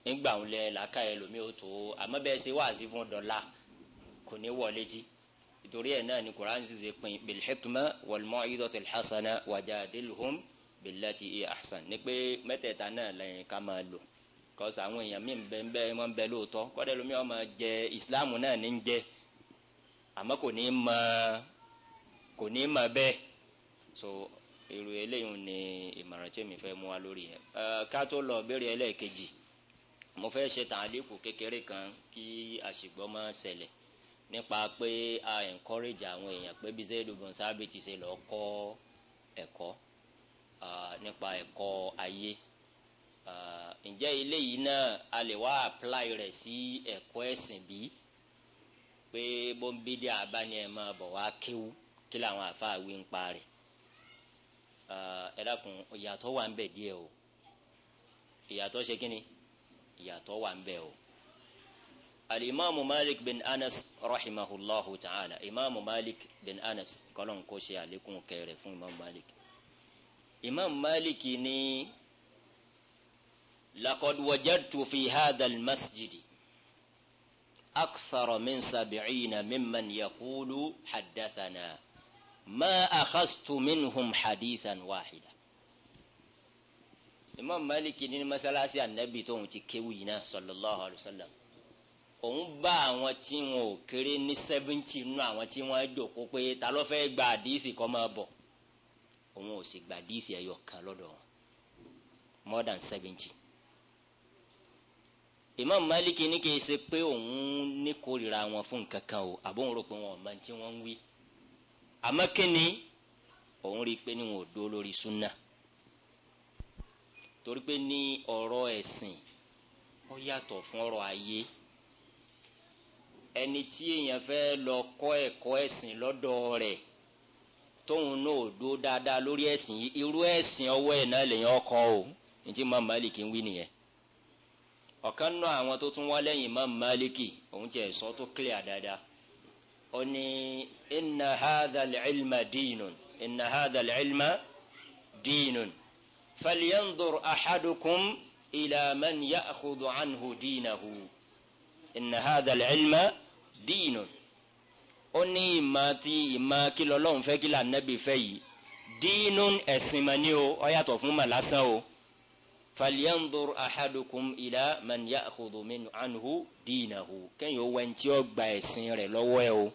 nígbà wọn lẹ làákà ẹ lómi ò tó àmọ́ bẹ́ẹ̀ ṣe wáàsí fún dọ́là kò ní wọlé jí ìtorí ẹ̀ náà ni kuran ṣiṣẹ́ pin bilhikma walmọ́ idọ́tẹ̀ hasana wàjà dilhum billati i ahsan ni pé mẹ́tẹ̀ẹ̀ta náà lẹ́yìn ká máa kọ́sà àwọn èèyàn mí bẹ́ẹ̀ bẹ́ẹ̀ wọ́n bẹ́ẹ̀ lóòótọ́ kọ́dẹ́ lómi ọmọ jẹ ìsìláàmù náà ní ń jẹ àmọ́ kò ní mọ kò ní mọ so èrò eléyìí ni ìmọ̀ràn tí mi fẹ́ mú wa lórí yẹn ká tó lọ béèrè ẹlẹ́ẹ̀kejì mo fẹ́ ṣe tàlíkù kékeré kan kí àṣìgbọ́ má ṣẹlẹ̀ nípa pé a encourage àwọn èèyàn pé bí ti ṣe lọ́ọ́ kọ́ ẹ̀kọ́ nípa Ah, ǹjẹ́ eléyìí náà a lè wá apply rẹ̀ sí ẹ̀kọ́ ẹ̀sìn bí pé bọ́ńbídé àbáni ẹ̀ máa bọ̀ wá kéwú kí làwọn àfáà wí ń pa rẹ̀ ah, ẹ dákun ìyàtọ̀ wà ń bẹ díẹ̀ o ìyàtọ̀ ṣe kí ni ìyàtọ̀ wà ń bẹ o. Malik bin Anas, أنس رحمه الله تعالى إمام مالك بن أنس قالون كوشي عليكم كيرفون إمام مالك إمام مالك ني لقد وجدت في هذا المسجد أكثر من سبعين ممن يقول حدثنا ما أخذت منهم حديثا واحدا. wahida. imam malik ní masalasi anabi tó ń ti kéwì náà òun bá àwọn tí wọn ò kéré ní seventy nínú àwọn tí wọn jòkó pé ta ló fẹ́ gba àdìsí kọ́ máa bọ̀ òun ò sì gba àdìsí ẹ̀yọ kan lọ́dọ̀ wọn more than seventy Imam Maliki ní kì í ṣe pé òun ní kórìíra wọn fún nǹkan kan o àbóhùn rò pé wọn ò mọ tí wọ́n ń wí àmọ́ kí ni òun rí i pé níwọ̀n ò dúró lórí súnà torí pé ní ọ̀rọ̀ ẹ̀sìn ó yàtọ̀ fún ọ̀rọ̀ ayé ẹni tí èèyàn fẹ́ lọ kọ́ ẹ̀kọ́ ẹ̀sìn lọ́dọ̀ rẹ̀ tóun náà dúró dáadáa lórí ẹ̀sìn irú ẹ̀sìn ọwọ́ ẹ̀ náà lèyàn ọkọ o ní tí Imam Maliki ń wí nìyẹn ọ̀kan náà àwọn tó tún wá lẹ́yìn Imam Maliki òun tiẹ̀ sọ tó clear dáadáa ó ní inna hadha al-ilma diinun inna hadha al-ilma diinun falyanzur ahadukum ila man ya'khudhu anhu diinahu inna hadha al-ilma diinun ó ní ìmọ̀ tí lọ́lọ́run fẹ́ kí lànàbì fẹ́ yìí diinun ẹ̀sìn mọ̀ o ó yàtọ̀ fún mọ̀ lásán o falyanzur ahadukum ila man ya'khudhu min anhu dinahu kẹ́yìn owó ẹni tí ó gba ẹ̀sìn rẹ̀ lọ́wọ́ ẹ o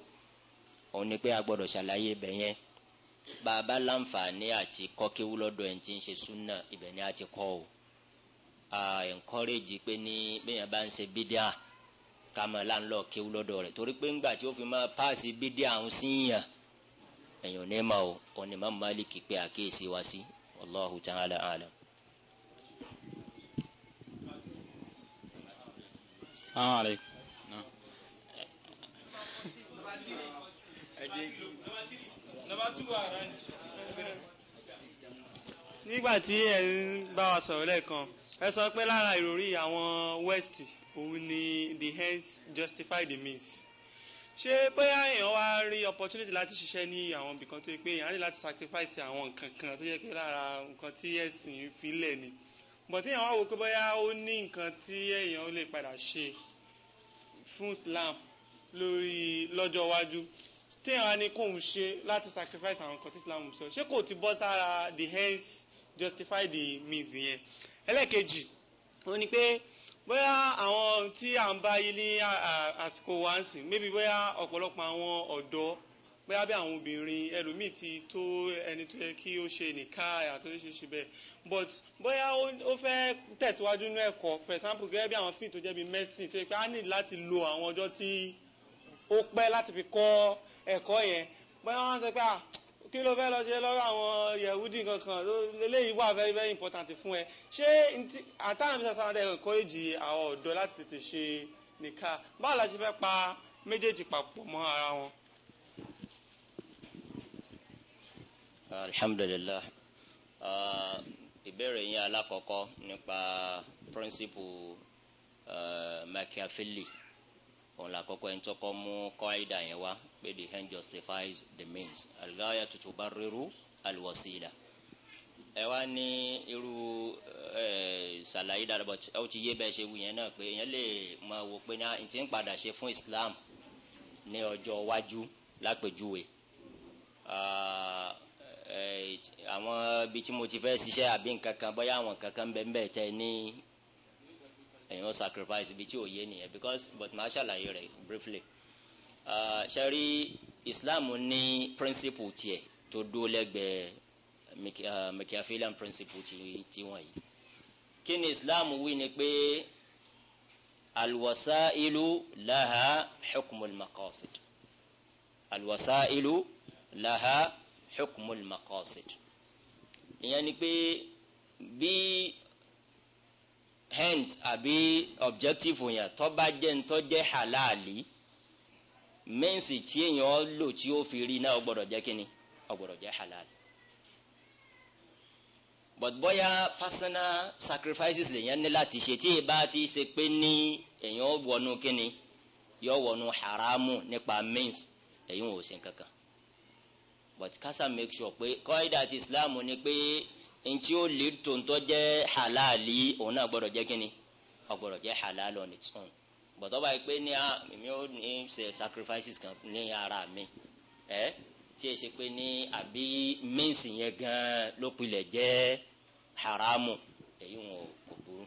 òun ni pé a gbọ́dọ̀ ṣàlàyé ibẹ̀ yẹn bàbá láǹfààní àti kọ́kéwú lọ́dọ̀ ẹni tí ń ṣe súnà ibẹ̀ ni a ti kọ́ o a encourage pé ní bẹ́yẹn bá ń ṣe bídíà kàmọ́ láńlọ́ kéwú lọ́dọ̀ rẹ̀ torí pé ńgbà tí ó fi máa páàsì bídíà ń síyàn ẹ̀yìn ò ní ma o pé àkíyèsí wá sí Allahu ta'ala alam. السلام عليكم nígbà tí ẹ ń bá wa sọ̀rọ̀ lẹ́ẹ̀kan ẹ sọ pé lára ìròrí àwọn west òun ni the ends justify the means ṣé bóyá èèyàn wá rí opportunity láti ṣiṣẹ́ ní àwọn ibìkan tó yẹ pé èèyàn á ní láti sacrifice àwọn nǹkan kan tó yẹ pé lára nǹkan tí ẹ̀sìn fi lẹ̀ ni bọ̀tí èèyàn wá wo pé bóyá ó ní nǹkan tí èèyàn lè padà ṣe fún Islam lórí lọ́jọ́ iwájú tí èèyàn wá ní kóun ṣe láti sacrifice àwọn nǹkan tí Islam sọ ṣé kò ti bọ́ sára the ends justify the means yẹn ẹlẹ́ẹ̀kejì ó ní pé bóyá àwọn tí à ń bá yìí ní àsìkò wa maybe bóyá ọ̀pọ̀lọpọ̀ àwọn ọ̀dọ́ bóyá bí àwọn obìnrin ẹlòmíì ti tó ẹni tó yẹ kí ó ṣe nìka àti oríṣiríṣi bẹ́ẹ̀ but bóyá ó fẹ́ tẹ̀síwájú nínú ẹ̀kọ́ for example gẹ́gẹ́ bí àwọn fíìtì tó jẹ́ bí medicine tó yẹ pé a ní láti lo àwọn ọjọ́ tí ó pẹ́ láti fi kọ́ ẹ̀kọ́ yẹn bóyá wọ́n sọ pé ah, kí ló fẹ́ lọ ṣe lọ́rọ̀ àwọn yẹ̀wúdì kankan eléyìí wà very very important fún ẹ ṣé àtàwọn ìbísà sáwọn ọdẹ encourage àwọn ọ̀dọ́ láti tètè ṣe nìka báwo la ṣe fẹ́ pa méjèèjì papọ̀ mọ́ ara wọn. alhamdulilayi. Ah, ìbéèrè yín alákọ̀ọ́kọ́ nípa píríncípù eh, Machiavelli òun làkọ́kọ́ ẹni tó kọ́ mú kọ́ìdà yẹn wá pé the end justifies the means alghaya tutubarriru alwasila ẹ wá ní irú ṣàlàyé eh, dàdàbọ̀ ẹ ó ti yé bẹ́ẹ̀ ṣe wù yẹn náà pé èèyàn lè máa wò pé ní ah, ti ń padà ṣe fún Islam ní ọjọ́ iwájú lápèjúwe ah, Eh, àwọn ibi tí mo ti fẹ́ ṣiṣẹ́ àbí nǹkan kan bóyá àwọn nǹkan kan bẹ́ẹ̀ bẹ́ẹ̀ tẹ ní èèyàn sacrifice ibi tí ò yé nìyẹn because but màá ṣàlàyé rẹ̀ briefly ah, ṣe rí Islam ní principle tiẹ̀ tó dúró lẹ́gbẹ̀ẹ́ ah, Machiavellian principle ti wọ̀nyí kí ni Islam wí ni pé ilu laha hukmul maqasid ilu laha. hukmul maqasid ìyẹn ni pé bí hent àbí objective yẹn tó bá jẹ́ mensi jẹ́ halali mẹ́ǹsì tí èèyàn lò tí ó fi rí náà jẹ́ kínní jẹ́ halali but bóyá personal sacrifices lèyàn ní láti ṣe tí bá ti ṣe pé ní èèyàn wọnú kínní yọ wọnú haramu nípa means èyí wọn ò ṣe kankan but kásá make sure pé kọ́ídà àti islam ni pé ntí ó lè tòǹtọ́ jẹ́ halali òun náà gbọ́dọ̀ jẹ́ kínni ọgbọ́dọ̀ jẹ́ halal on its own bọ̀tọ́ báyìí pé ní ah, mi ò ní ṣe sacrifices kan ní ara mi ẹ tí ẹ ṣe pé ní àbí mince yẹn gan ló pilẹ̀ jẹ́ haramu èyí wọn kò burú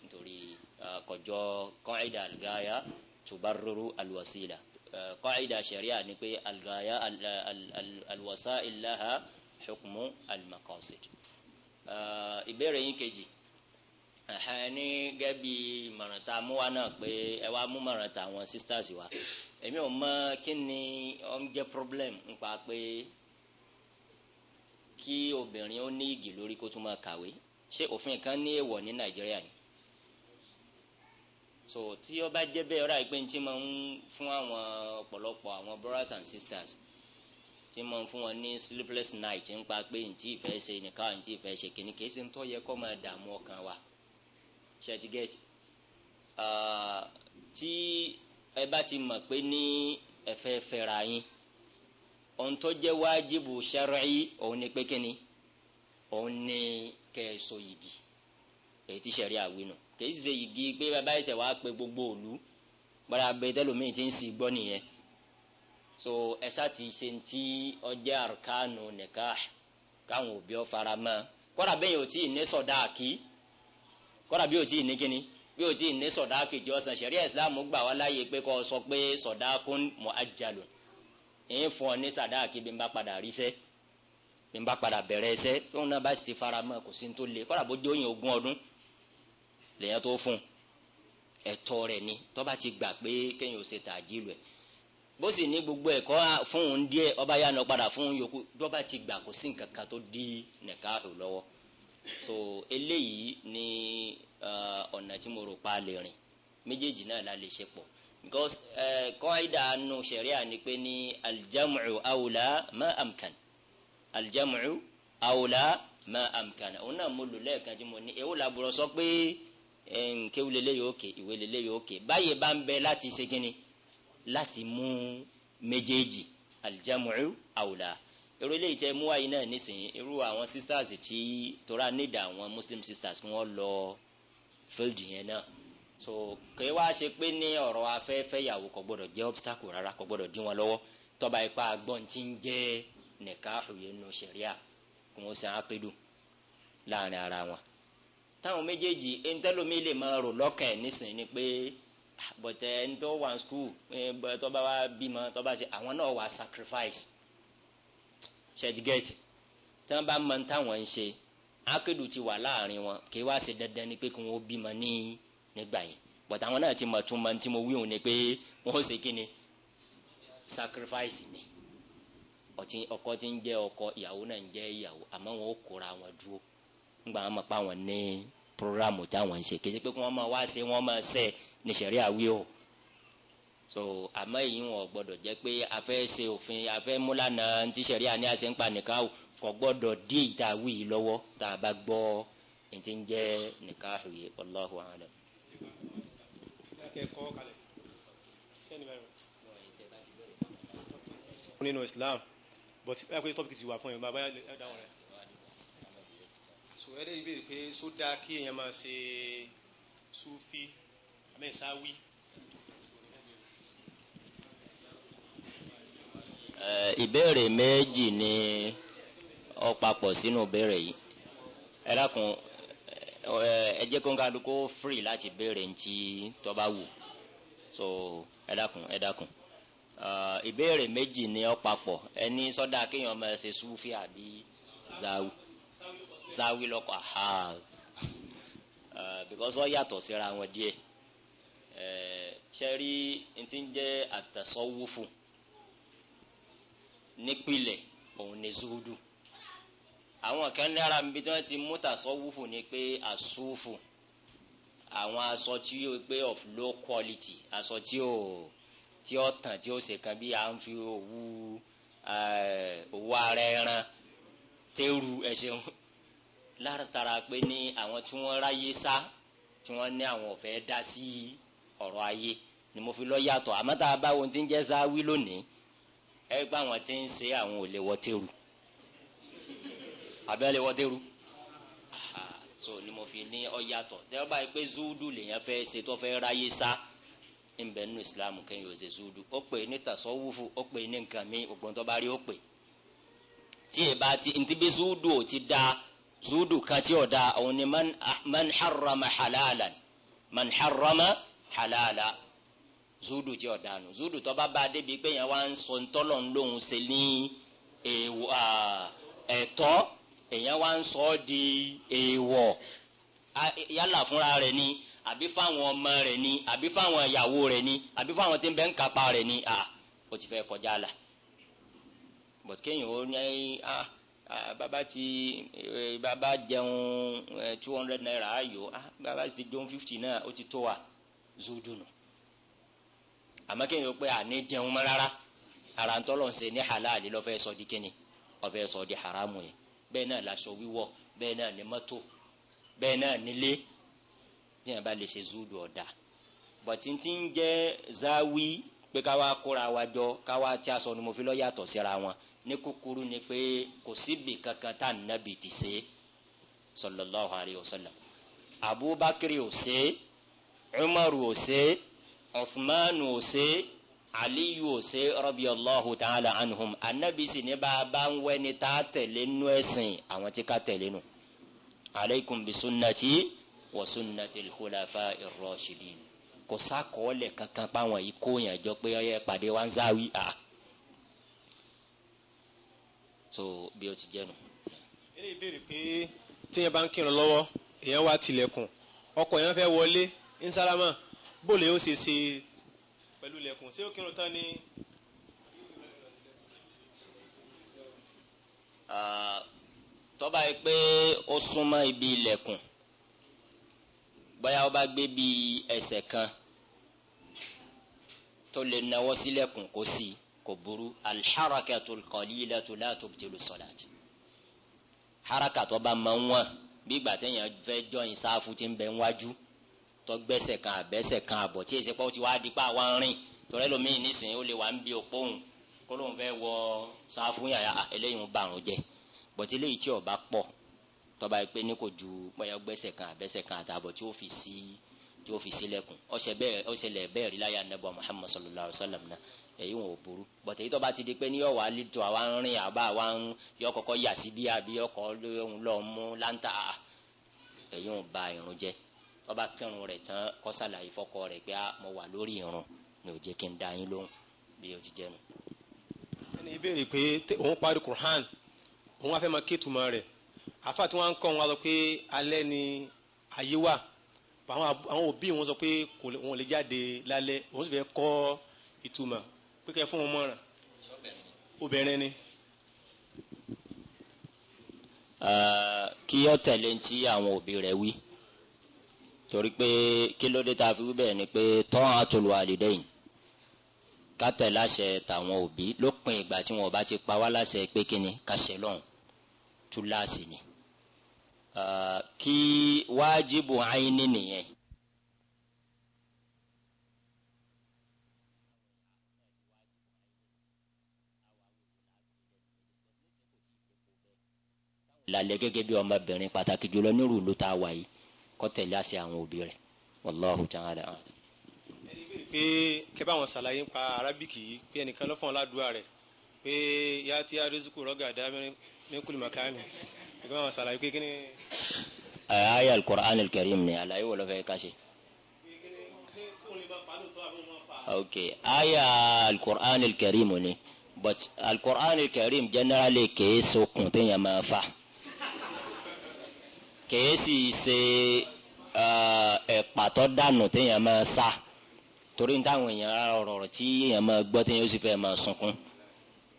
nítorí ah, kọjọ kọ́ídà àlùgáyà tubarruru alwasila. قاعدة شريعة نقي pé algaya alwasail laha hukmu almaqasid. ìbéèrè yín kejì ní gẹ́gẹ́ bí mọ̀ràn tá a mú wa náà pé ẹ wá mú mọ̀ràn tá àwọn sisters wa èmi ò mọ kí ni ó ń jẹ́ problem nípa pé kí obìnrin ó ní igi lórí kó tún máa kàwé ṣé òfin kan ní èèwọ̀ ní nàìjíríà ni so tí ó bá jẹ́ bẹ́ẹ̀ ọ̀rọ̀ àìpé tí mo ń fún àwọn ọ̀pọ̀lọpọ̀ àwọn brothers and sisters tí mo ń fún wọn ní sleepless night ń pa pé ntí ìfẹ́ ṣe nìkan ntí ìfẹ́ ṣe kìíní kìí ṣe ń tọ́ yẹ kó máa dààmú ọkàn wa ṣe ti gẹ́ẹ̀tì tí ẹ bá ti mọ̀ pé ní ẹ̀fẹ́ fẹ́ra yín ohun tó jẹ́ wájibu ṣẹ́rẹ́yì òun ni pé kíni òun ni kẹ́ ẹ so yìgì èyí tí ṣẹ̀rí àwìn nù kìí ṣe igi pé bàbá ẹsẹ̀ wàá pe gbogbo òlu gbọ́dọ̀ abẹ́tẹ́lómi ti ń sì gbọ́ nìyẹn so ẹ̀sà ti ṣe ti ọjẹ́ àrùkánu nìka káwọn òbí ọ fara mọ́ kọ́dà bẹ́ẹ̀ yóò tí ì ní sọ̀dá kí kọ́dà bí yóò tí ì ní kíni bí yóò tí ì ní sọ̀dá kejì ọ̀sán ṣẹ̀rí ẹ̀sìlámù gbà wá láàyè pé kọ́ sọ pé sọ̀dá kún mọ́ àjálù ẹ̀yìn fún ọ ní sọ̀dá kí bí n bá padà rí sẹ́ bí n bá padà bẹ̀rẹ̀ sẹ́ tóun náà bá ti fara mọ́ kò sí ní tó le kọ́dà bójú òyìn ogún ọdún lèyàn tó fún ẹ̀tọ́ rẹ̀ ni tó bá ti gbà pé kéèyàn ò ṣe tàjílù ẹ̀ bó sì ní gbogbo ẹ̀kọ́ fún un díẹ̀ ọba yà nọ padà fún un yòókù tó bá ti gbà kó sí nǹkan kan tó di nìkaahù lọ́wọ́ so eléyìí ni ọ̀nà tí mo rò pa lè rìn méjèèjì náà la lè ṣe pọ̀ because kọ́ńdà nù sẹ̀ríà ni pé ní aljamu awla ma amkan aljamu awla ma amkan òun náà mo lò lẹ́ẹ̀kan tí mo ní èwo làbúrò sọ pé nkéwu lélẹ́yìí òkè ìwé lélẹ́yìí òkè báyìí bá ń bẹ láti ṣe kínni láti mú méjèèjì aljamu'u awla irú eléyìí tẹ mú wáyé náà nísìnyí irú àwọn sisters tí tora nídà àwọn muslim sisters kí wọ́n lọ field yẹn náà so kì í wá ṣe pé ní ọ̀rọ̀ afẹ́fẹ́ ìyàwó kò gbọ́dọ̀ jẹ́ obstacle rárá kò gbọ́dọ̀ dín wọn lọ́wọ́ tọ́ba ipa agbọ́n ti ń jẹ́ nìkan àhùyẹ́ nù sẹ̀ríà kí wọ́n ṣe àpèdù láàrin ara wọn táwọn méjèèjì ẹnitẹ́lómi lè máa rò lọ́kàn ẹ̀ nísìnyí ni pé ah, bọ̀tẹ́ eh, ẹni tó wà skul tó bá wá bímọ tó bá ṣe àwọn náà wà sacrifice ṣẹ́dígẹ́tì tí wọ́n bá mọ táwọn ń ṣe akédù ti wà láàrin wọn kì wá ṣe dandan ni pé kí wọ́n bímọ ní nígbà yẹn bọ̀tẹ́ àwọn náà ti mọ̀ tún mọ tí mo wí òun ni pé wọ́n ṣe kí ni sacrifice ni ọkọ ti ń jẹ́ ọkọ ìyàwó náà ń jẹ́ ìyàwó àmọ́ wọn ó kóra wọn dúró ńgbà wọn mọ̀ pé àwọn ní programu táwọn ń ṣe kí ṣe pé kí wọ́n wá ṣe wọ́n máa ṣe ní sẹ̀rí àwí o so àmọ́ èyí wọn gbọ́dọ̀ jẹ́ pé a fẹ́ ṣe òfin a fẹ́ múlànà tí sẹ̀rí àní àṣẹ ń pa nìkan o kò gbọ́dọ̀ dí ìta wí yìí lọ́wọ́ tá a bá gbọ́ ẹ̀ ti ń jẹ́ nìkan àwòye Allahu a'lam nínú Islam but ẹ kò tó tọ́pìkì ti wà fún yín bá báyà dáhùn rẹ̀ ẹlẹ́ yìí béèrè pé só dáa kí èèyàn máa ṣe súfí àmẹ́sáwí. ìbéèrè méjì ni ó papọ̀ sínú ìbéèrè yìí ẹ ẹ jẹ́ kó ń kálukú free láti béèrè ntí tó bá wù so ẹ dákun ẹ dákun ìbéèrè méjì ni ó papọ̀ ẹni sọ́dá kéèyàn máa ṣe súfí àbí zawu sáwí lọ́kọ̀ ha eh, because wọ́n yàtọ̀ síra wọn díẹ̀ eh, ṣẹ́rí ti ń jẹ́ àtẹ̀sọ́wọ́fù nípìlẹ̀ òun ni zuhudu àwọn kan nára níbi tí wọ́n ti mú tàsọ́wọ́fù ni pé àsúfù àwọn aṣọ tí yóò pé of low quality aṣọ tí ó tí ó tàn tí ó ṣe kan bí à ń fi owó owó eh, ara ẹran tẹ́rù ẹ̀ṣẹ̀ látara pé ní àwọn tí wọ́n ráyé sá tí wọ́n ní àwọn ò fẹ́ dá sí ọ̀rọ̀ ayé ni mo fi lọ yàtọ̀ àmọ́ tá a bá wọn ti ń jẹ́ sáwí lónìí ẹ gbọ́ àwọn tí ń ṣe àwọn ò lè wọ́tẹ́rù àbẹ́ lè wọ́tẹ́rù so ni mo fi ní ọ yàtọ̀ tẹ́lẹ̀ báyìí pé zúdù lèèyàn fẹ́ ṣe tó fẹ́ ráyé sá ńbẹ nínú Islam kẹ́yìn ò ṣe zúdù ó pè ní tasọ́wúfù ó pè ní nǹkan mi ògbọ́n bá rí ó pè tí ì bá ti ntí bí zúdù ò ti dáa zudu kati o daa òun ni man, ah, man harama halalan man harama halala zudu ti o daa nu zudu tó bá ba débi pé yẹn wá ń sọ ntọ́lọ̀ ń lóhun ṣe ní ẹ̀tọ́ èyàn wá ń sọ ọ́ di èèwọ̀ yálà fúnra rẹ̀ ni àbí fáwọn ọmọ rẹ̀ ni àbí fáwọn ìyàwó rẹ̀ ni àbí fáwọn tí ń bẹ ń kápá rẹ̀ ni ó ti fẹ́ kọjá la but kéèyàn ó ní ah bàbá ti bàbá jẹun two hundred naira ayò ah, bàbá ti jẹun fifty náà ó ti tó wa zudunu àmọ́ kéèyàn ó pé àní jẹun mọ́ rárá ara ń tọ́lọ̀ ń ṣe ní halali lọ́fẹ́ sọ di kíni ọ̀fẹ́ sọ di haramu yẹn bẹ́ẹ̀ náà láṣọ wíwọ̀ bẹ́ẹ̀ náà ní mọ́tò bẹ́ẹ̀ náà nílé yẹn bá lè ṣe zudu ọ̀dà bọ̀tíntì ń jẹ́ záwí pé káwa kóra wa jọ káwa tí a sọ ni mo fi lọ́ yàtọ̀ síra wọn ní kúkúrú ni pé kò síbi kankan tá nàbì ti ṣe sallallahu alayhi wa sallam abubakar ò ṣe umar ò ṣe uthman ò ṣe aliyu ò ṣe radiyallahu ta'ala anhum anabi sì ní bàbá ń wẹni tá a tẹ̀lé nú ẹ̀sìn àwọn tí ká tẹ̀lé nù alaykum bi sunnati wa sunnati al-khulafa ir-rashidin kò sákòólẹ̀ kankan pa àwọn yìí kó yànjọ pé ọyẹ pàdé wa Ah so bí o ti jẹ́ nu. eré ìbéèrè pé tíyẹn bá ń kírun lọ́wọ́ èèyàn wá tilẹ̀kùn ọkọ̀ yẹn fẹ́ wọlé ń sálámà bó lè ó ṣe ṣe pẹ̀lú ilẹ̀kùn ṣé ó kírun tán ni. tó yìí pé ó súnmọ́ ibi ilẹ̀kùn bóyá ó bá gbé bí ẹsẹ̀ kan tó lè nawọ́ sílẹ̀kùn kó sí i kò burú alḥarakatu kọlílatu látò tìlù sọláàtì harakatọ bá ma ń wọn bí gbàtẹ́yìn fẹ́ jọyìn sáfù ti ń bẹ wájú tó gbẹ́sẹ̀ kan àbẹ́sẹ̀ kan àbọ̀ tí èsì pọ́ ti wá di pa wá ń rìn torí ẹlòmíì nísìnyí ó lè wà ń bi òpó òun kó lóun fẹ́ wọ sáfù yàrá eléyìí ń bà àrùn jẹ bọ̀tí eléyìí tí ọba pọ̀ tọba yìí pé ní kò ju pẹ́yà gbẹ́sẹ̀ kan àbẹ́sẹ̀ kan àtàbọ̀ tí ó fi sí tí ó fi sílẹ̀kùn ọ̀sẹ̀ bẹ́ẹ̀ ọ̀sẹ̀ lẹ̀ bẹ́ẹ̀ rí láyà nẹ́bọ̀ Muhammad sallallahu alayhi wa sallam náà èyí wọn ò burú but èyí tó bá ti di pé ní ọ̀wá lítò àwa ń rìn àbá àwa ń yọ kọ́kọ́ yà sí bí àbí ọkọ̀ lóhun lọ́ mú láńtà ah, èyí wọn ba irun jẹ ọba kírun rẹ̀ tán kó ṣàlàyé fọ́kọ rẹ̀ pé ah, mo wà lórí irun mi ò jẹ́ kí n da yín lóhùn bí o ti jẹnu. ẹni ìbéèrè pé òun parí Qur'an òun á fẹ́ máa kéètùmọ̀ rẹ̀ àfa tí wọ́n ń kọ́ wọn lọ pé alẹ́ ni ayé wà àwọn òbí wọn sọ pé wọn ò lè jáde lálẹ́ òun sì fẹ́ kọ́ ìtumọ̀ pé kẹ́ fún wọn mọ̀ràn obìnrin ni. Ah, kí ó tẹ̀lé ń tí àwọn òbí rẹ̀ wí torí pé kí ló dé tá a fi wí bẹ́ẹ̀ ni pé tán àtòlù àlìdẹ́yìn ká tẹ̀ láṣẹ tàwọn òbí lópin ìgbà tí wọn bá ti pa wá láṣẹ pé kíni ká ṣe lọ́hùn túláàsì ni. Ah, kí wájibu àìní nìyẹn lálẹ́ gẹ́gẹ́ bí ọmọbìnrin pàtàkì jùlọ nírú ìlú tá a wà yìí kó tẹ̀lé àṣẹ àwọn òbí rẹ̀ wallahu ta'ala. ẹni bíi pé kẹ́ bá wọn ṣàlàyé nípa arábìkì yìí pé ẹnìkan ló fún rẹ̀ pé yá tí arúzùkú rọ́gà dá mẹ́kùlù màkàmì kẹ́ bá wọn ṣàlàyé pé kí ni. ayé al-Qur'an al ni àlàyé wọlé fẹ́ ká ṣe. ok ayé al-Qur'an al ni but al-Qur'an al-Karim generally kì í sokùn téèyàn máa fa kìí sì ṣe ẹ̀pà tó dànù téèyàn máa sá torí ní táwọn èèyàn ọ̀rọ̀ tí èèyàn máa gbọ́ téèyàn ó sì fẹ́ máa sunkún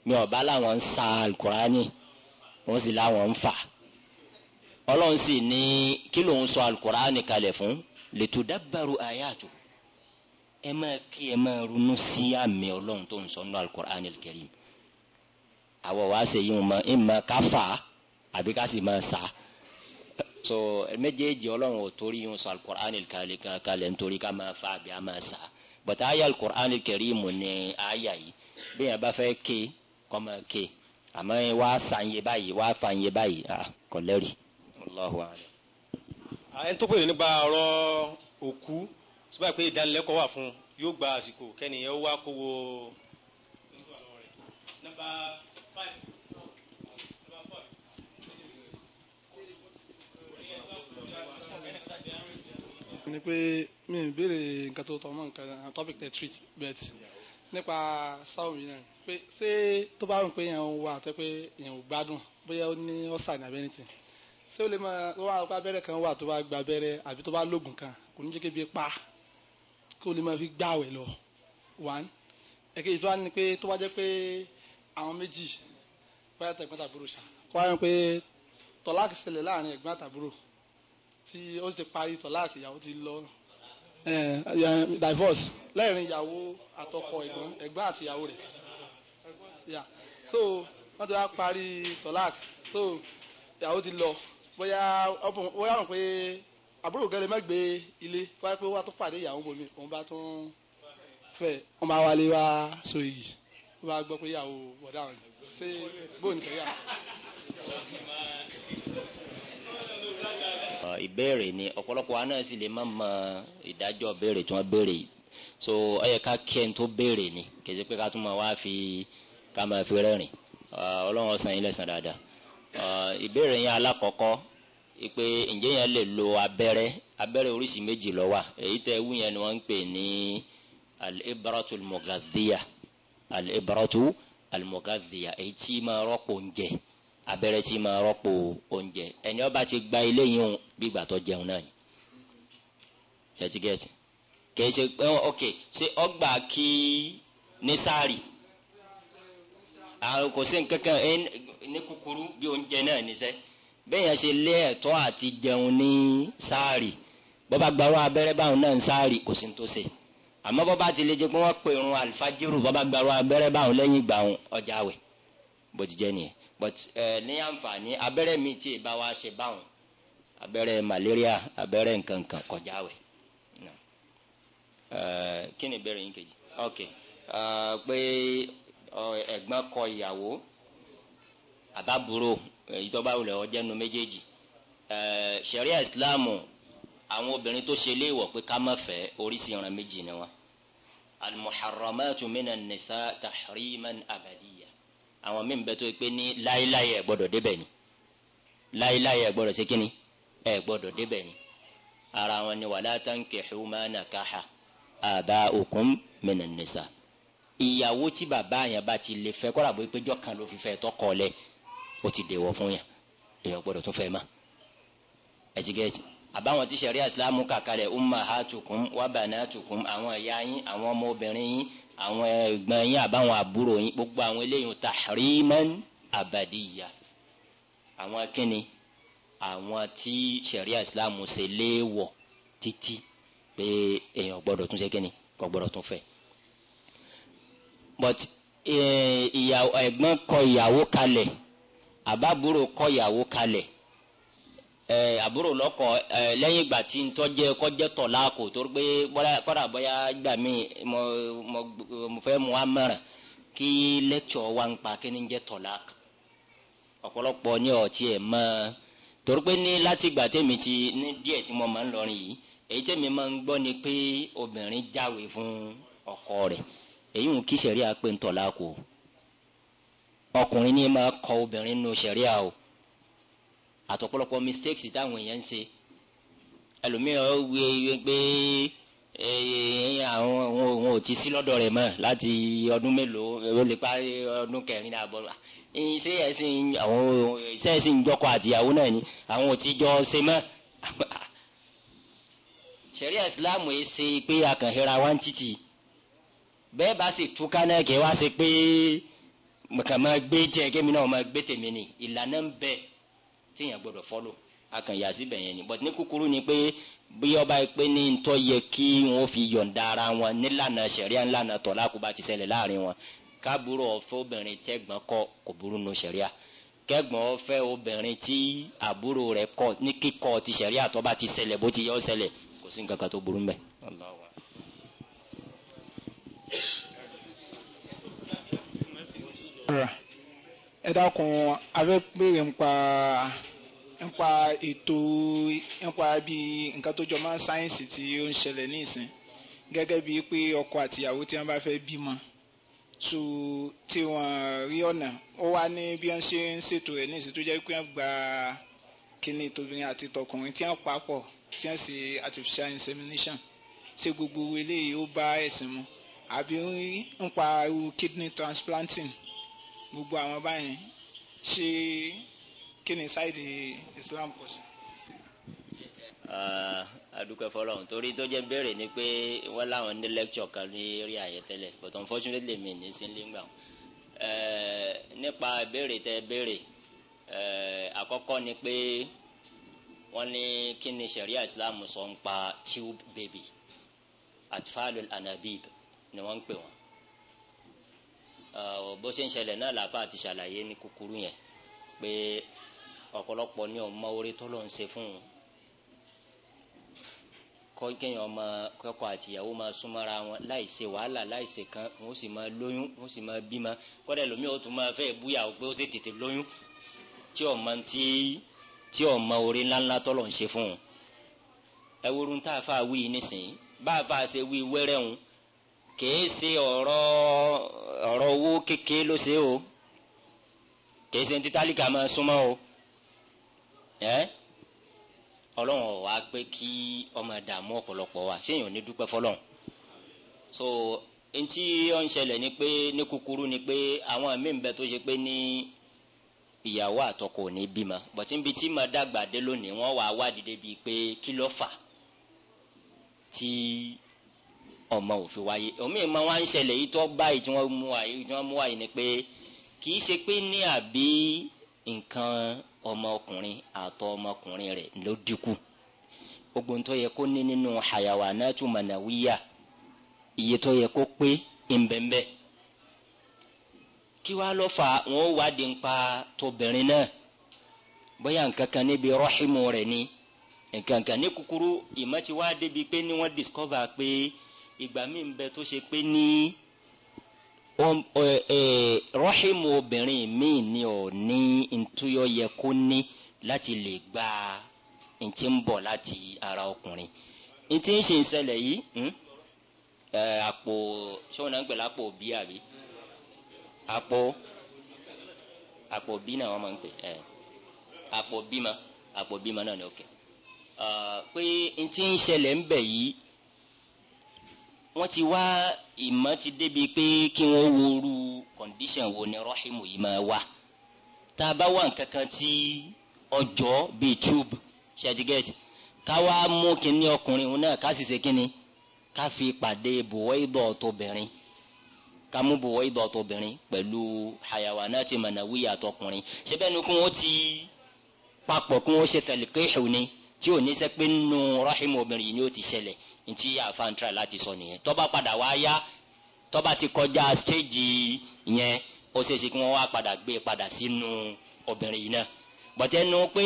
mi ọ̀bá làwọn ń sa alukurani wọ́n sì láwọn ń fà ọlọ́run sì ní kí lòun sọ alukurani kalẹ̀ fún litudabbaru ayatu ẹ máa kí ẹ máa ronú sí àmì ọlọ́run tó ń sọ nínú alukurani alkarim àwọ̀ wá ṣèyí wọn ìmọ̀ ká fà àbí ká sì máa sá so méjèèjì ọlọ́run ò torí yun sọ alukur'an kalẹ̀ kalẹ̀ nítorí ká máa fa àbí a máa sa bàtà ayé alukur'an kẹrìmù ní àyà yìí bí yẹn bá fẹ́ ké kọ́ máa ké àmọ́ wá sànyẹ báyìí wá fànyẹ báyìí kò lẹ́rì Allahu a'lam. ẹni tó pèrè nípa ọ̀rọ̀ òkú tó báyìí pé ìdánilẹ́kọ̀ọ́ wà fún yóò gba àsìkò kẹ́niyàn wá kówó. ni pé mi ò béèrè nǹkan tó tọ́ mọ́ nǹkan topic tẹ treat bet. nípa sáwùmí náà pé ṣé tó bá rò pé èèyàn wà àti pé èèyàn ò gbádùn bóyá ó ní ọ̀sà ní abẹ́rẹ́tì ṣé ó lè máa tó wà pé abẹ́rẹ́ kan wà tó bá gba abẹ́rẹ́ àbí tó bá lóògùn kan kò ní jẹ́ kí ebi pa kó lè máa fi gbààwẹ̀ lọ one èkejì tó wá ní pé tó bá jẹ́ pé àwọn méjì bóyá tẹ̀gbọ́n tàbúrò ṣá kó wá pé tọ́lá tí ó sì parí tọ̀ láti ìyàwó ti lọ divorce lẹ́rìn ìyàwó àtọkọ ẹ̀gbọ́n ẹ̀gbọ́n àti ìyàwó rẹ̀ so wọ́n ti wá parí tọ̀láàkì so ìyàwó ti lọ bóyá bóyá rò pé àbúrò gẹ́lẹ́ mẹ́gbẹ́ ilé wáyé pé wá tó pàdé ìyàwó bomi òun bá tún fẹ́ wọ́n máa wálé wá so iyì wọ́n bá gbọ́ pé ìyàwó wọ̀dà wọn ṣé bóun ṣe yà ìbéèrè ni ọ̀pọ̀lọpọ̀ wa náà sì lè má mọ ìdájọ́ béèrè tí wọ́n béèrè yìí so ẹ yẹ ká kí ẹni tó béèrè ni kìí ṣe pé ká tún máa wá fi ká máa fi rẹ́rìn ah, ọlọ́run ọ̀sán yín lẹ́sàn dáadáa ah, ìbéèrè yẹn alákọ̀ọ́kọ́ pé ǹjẹ́ yẹn lè lo abẹ́rẹ́ abẹ́rẹ́ oríṣi méjì ló wà èyí tẹ́ wú yẹn ni wọ́n ń pè ní al-ibratu al-mughadhiya èyí tí máa rọ́pò oúnjẹ abẹ́rẹ́ tí máa rọ́pò oúnjẹ ẹni ọba ti gba ilé yìí hùn bí ìgbà tó jẹun náà ni ṣètìgẹ́tì kì í ṣe pé ok ṣé ọgbà kí nísàárì àrùn kò sí nǹkan kan ní kúkúrú bí oúnjẹ náà níṣẹ́ bẹ́ẹ̀ yẹn ṣe lé ẹ̀tọ́ àti jẹun ní sáàrì bọ́ba gbarú abẹ́rẹ́ báwọn náà ń sáàrì kò sí ní tó ṣe àmọ́ bọ́ba ti lè jẹ́ pé wọ́n pè irun àlùfájírù bọ́ba gbarú abẹ́rẹ́ báwọn lẹ́yìn ìgbà ọjà àwẹ̀ bó ti jẹ́ nìyẹn but ẹ eh, ní àǹfààní abẹ́rẹ́ mi tí ìbá wa ṣe báwọn abẹ́rẹ́ malaria abẹ́rẹ́ nkankan kọjá wẹ̀ eh, kí ni ìbéèrè yín kejì ok eh, pé ẹ̀gbọ́n kọ ìyàwó àbábúrò èyí tó bá wulẹ̀ ọjọ́ nu méjèèjì ṣẹ̀ríà ìsìláàmù àwọn obìnrin tó ṣe léèwọ̀ pé ká má fẹ́ oríṣi ìran méjì ni wọn al-muharramatu minan nisa tahriman abadi àwọn míì ń bẹ tó pé ní láéláé ẹ gbọ́dọ̀ débẹ̀ ni láéláé ẹ gbọ́dọ̀ ṣe kíni ẹ gbọ́dọ̀ débẹ̀ ni ara wọn ni wala tankihu ma nakaha aba'ukum minan nisa ìyàwó tí bàbá yẹn bá ti lè fẹ́ kọ́ra bó péjọ kan ló fi fẹ́ tọkọ lẹ ó ti dèwọ̀ fún yẹn èèyàn gbọ́dọ̀ tó fẹ́ ma ẹ̀jigẹ́jì àbáwọn tí ṣẹ̀ríà Ìsìlámù kàkàlẹ̀ ummahatukum wa banatukum àwọn ìyá yín àwọn ọmọ obìnrin yín àwọn ẹ̀gbọ́n yín àbáwọn àbúrò yín gbogbo àwọn eléyìí tahriman abadiya àwọn kíni àwọn tí ṣẹ̀ríà islam ṣe léèwọ̀ títí pé èèyàn gbọ́dọ̀ tún ṣe kíni kò gbọ́dọ̀ tún fẹ́ but eh, ẹ̀gbọ́n kọ ìyàwó kalẹ̀ àbábúrò kọ ìyàwó kalẹ̀ ẹ àbúrò lọkọ ẹ lẹ́yìn ìgbà tí ntọjẹ kọjẹ tọ laako torí pé bóyá kódà bóyá gbà mí mo mo mo fẹ́ mu amẹrẹ kí lẹ́kṣọ̀ wa ń pa kí ni jẹ́ tọ laako ọ̀pọ̀lọpọ̀ ní ọtí ẹ mọ̀ torí pé ní láti ìgbà tèmi ti ní díẹ̀ tí mo máa ń lọrin yìí èyí tèmi máa ń gbọ́ ni pé obìnrin jáwèé fún ọkọ rẹ̀ èyí ń kí sẹríà pé ń tọ ọkùnrin ni máa kọ obìnrin nù sẹríà o àtọ̀pọ̀lọpọ̀ mistakes táwọn èèyàn ń ṣe ẹlòmíràn ó wí pé àwọn òun ò ti sí lọ́dọ̀ rẹ̀ mọ́ láti ọdún mélòó ó lè parí ọdún kẹrin àbọ̀ ṣé ẹ̀sìn àwọn ṣé ẹ̀sìn ìjọkọ àtìyàwó náà ni àwọn ò ti jọ ṣe mọ́ sẹ̀rí ẹ̀sìláàmù yìí ṣe pé akànhẹ́ra wá ń títì bẹ́ẹ̀ bá sì túká náà kẹ́ wá ṣe pé kàn máa gbé tiẹ̀ kémi náà máa gbé tèmi ni ìlànà ń bẹ́ẹ̀ téèyàn gbọ́dọ̀ fọlọ akànyà síbẹ̀ yẹn ni but ní kúkúrú ni pé bí ọba yìí pé ní ntọ́ yẹ kí wọ́n fi yọ̀ǹda ara wọn nílànà sẹ̀ríà ńlànà tọ́lá kó bá ti ṣẹlẹ̀ láàrin wọn kábúrò ọ̀fẹ́ obìnrin tẹ́gbọ́n kọ kò burú nu sẹ̀ríà kẹ́gbọ́n ọ̀fẹ́ obìnrin tí àbúrò rẹ̀ kọ ní kíkọ ti sẹ̀ríà tó bá ti ṣẹlẹ̀ bó ti yọ ṣẹlẹ̀ kò sí nǹkan kan tó burú mbẹ̀. Alright ẹ dákun afẹ́ béèrè nípa nípa ètò nípa bí nǹkan tó jọ mọ́ sáyẹ́ǹsì tí ó ń ṣẹlẹ̀ ní ìsìn gẹ́gẹ́ bíi pé ọkọ àtìyàwó tí wọ́n bá fẹ́ bímọ tu tí wọ́n rí ọ̀nà ó wá ní bí wọ́n ṣe ń ṣètò rẹ̀ ní ìsìn tó jẹ́ pé wọ́n gba kíní tobìnrin àti tọkùnrin tí wọ́n papọ̀ tí wọ́n ṣe artificial insemination ṣe gbogbo eléyìí ó bá ẹ̀sìn mu àbí nípa irú kidney transplanting gbogbo àwọn báyìí ṣé kí ni sáìdì Islam kọ sí. adúpẹ́ ah, fọlọ́run torí tó jẹ́ béèrè ni pé wọ́n láwọn ní lecture kan ní rí àyè tẹ́lẹ̀ but unfortunately mi ní sí nígbà eh, nípa béèrè tẹ béèrè eh, àkọ́kọ́ ni pé wọ́n ní kí ni sharia Islam sọ ń pa tube baby atfalul anabib ni wọ́n ń pè wọ́n bó ṣe ń ṣẹlẹ̀ náà làpá àti ṣàlàyé ní kúkúrú yẹn pé ọ̀pọ̀lọpọ̀ ní ọmọ orí tó lọ́n ṣe fún un kéèyàn ọmọ kọkọ àtìyàwó máa súnmọ́ra wọn láì ṣe wàhálà láì ṣe kan wọ́n sì máa lóyún wọ́n sì máa bímọ kọ́dà lómi ò tún máa fẹ́ búyà ó pé ó sì tètè lóyún tí ọmọ tí tí ọmọ orí ńláńlá tọ́lọ̀ ń ṣe fún un ẹ wúru ń tá a fà wí nísìnyí bá a fà ṣe wí wẹ́rẹ́ ń kìí ṣe ọ̀rọ̀ ọ̀rọ̀ owó kékeré ló ṣe o kìí ṣe títálíkà máa súnmọ́ o ẹ́ ọlọ́run wàá pé kí ọmọ dààmú ọ̀pọ̀lọpọ̀ wa ṣéyàn ní dúpẹ́ fọlọ́run so ntí ó ń ṣẹlẹ̀ ni pé ní kúkúrú ni pé àwọn míì ń bẹ tó ṣe pé ní ìyàwó àtọkọ ò ní bímọ bọ̀tí níbi tí màá dàgbà dé lónìí wọ́n wàá wádìí débi pé kí ló fà tí ọmọ òfin wáyé omi ìmọ̀ wa ń ṣẹlẹ̀ yìí tó báyìí tí wọ́n mú wáyé tí wọ́n mú wáyé ni pé kì í ṣe pé ní àbí nǹkan ọmọkùnrin àtọ ọmọkùnrin rẹ̀ ló dínkù gbogbo tó yẹ kó ní nínú hayawanatu manawiya iye tó yẹ kó pé ìbẹ̀ǹbẹ̀ kí wàá lọ fà wọn ó wádìí nípa tóbìnrin náà bóyá nǹkan kan níbi rọ́ọ̀hìmù rẹ̀ ni nǹkan kan ní kúkúrú ìmọ̀ tí wàá débi pé ni wọ́n discover pé. Pe ìgbà míì ń bẹ tó ṣe pé ní rọ́ṣìmù obìnrin míì ni ò ní ntúyọ yẹ kó ní láti lè gba ntí ń bọ̀ láti ara ọkùnrin ntí ń ṣe ìṣẹ̀lẹ̀ yìí hmm? àpò ṣé wọn náà ń pè lápò bí àbí àpò àpò bí náà wọn máa ń pè ẹ àpò bímọ àpò bímọ náà ni ó kẹ pé ntí ń ṣẹlẹ̀ ń bẹ yìí wọ́n ti wá ìmọ̀ ti débi pé kí wọ́n woru condition wo ni rọ́hìmù yìí máa wà tá a bá wà nǹkan tí ọjọ́ bíi tube ṣẹ́dígẹ́tì ká wá mú kinní ọkùnrin òun náà ká sì ṣe kinní ká fi pàdé bùwọ́ ìdọ̀ tóbìnrin ká mú bùwọ́ ìdọ̀ tóbìnrin pẹ̀lú hayawa náà ti mọ̀nà wíyà tọkùnrin ṣé bẹ́ẹ̀ ni kí wọ́n ti papọ̀ kí wọ́n ṣe tẹ̀lé kéèhù ni tí ò ní sẹ́ pé nù rahimu obìnrin yìí ni ó ti ṣẹlẹ̀ ntí àfáǹtra láti sọ nìyẹn tọ́ba padà wá yá tọ́ba ti kọjá stéèjì yẹn ó ṣe é ṣe kí wọ́n wá padà gbé padà sínú obìnrin yìí náà bọ̀tẹ́ nu pé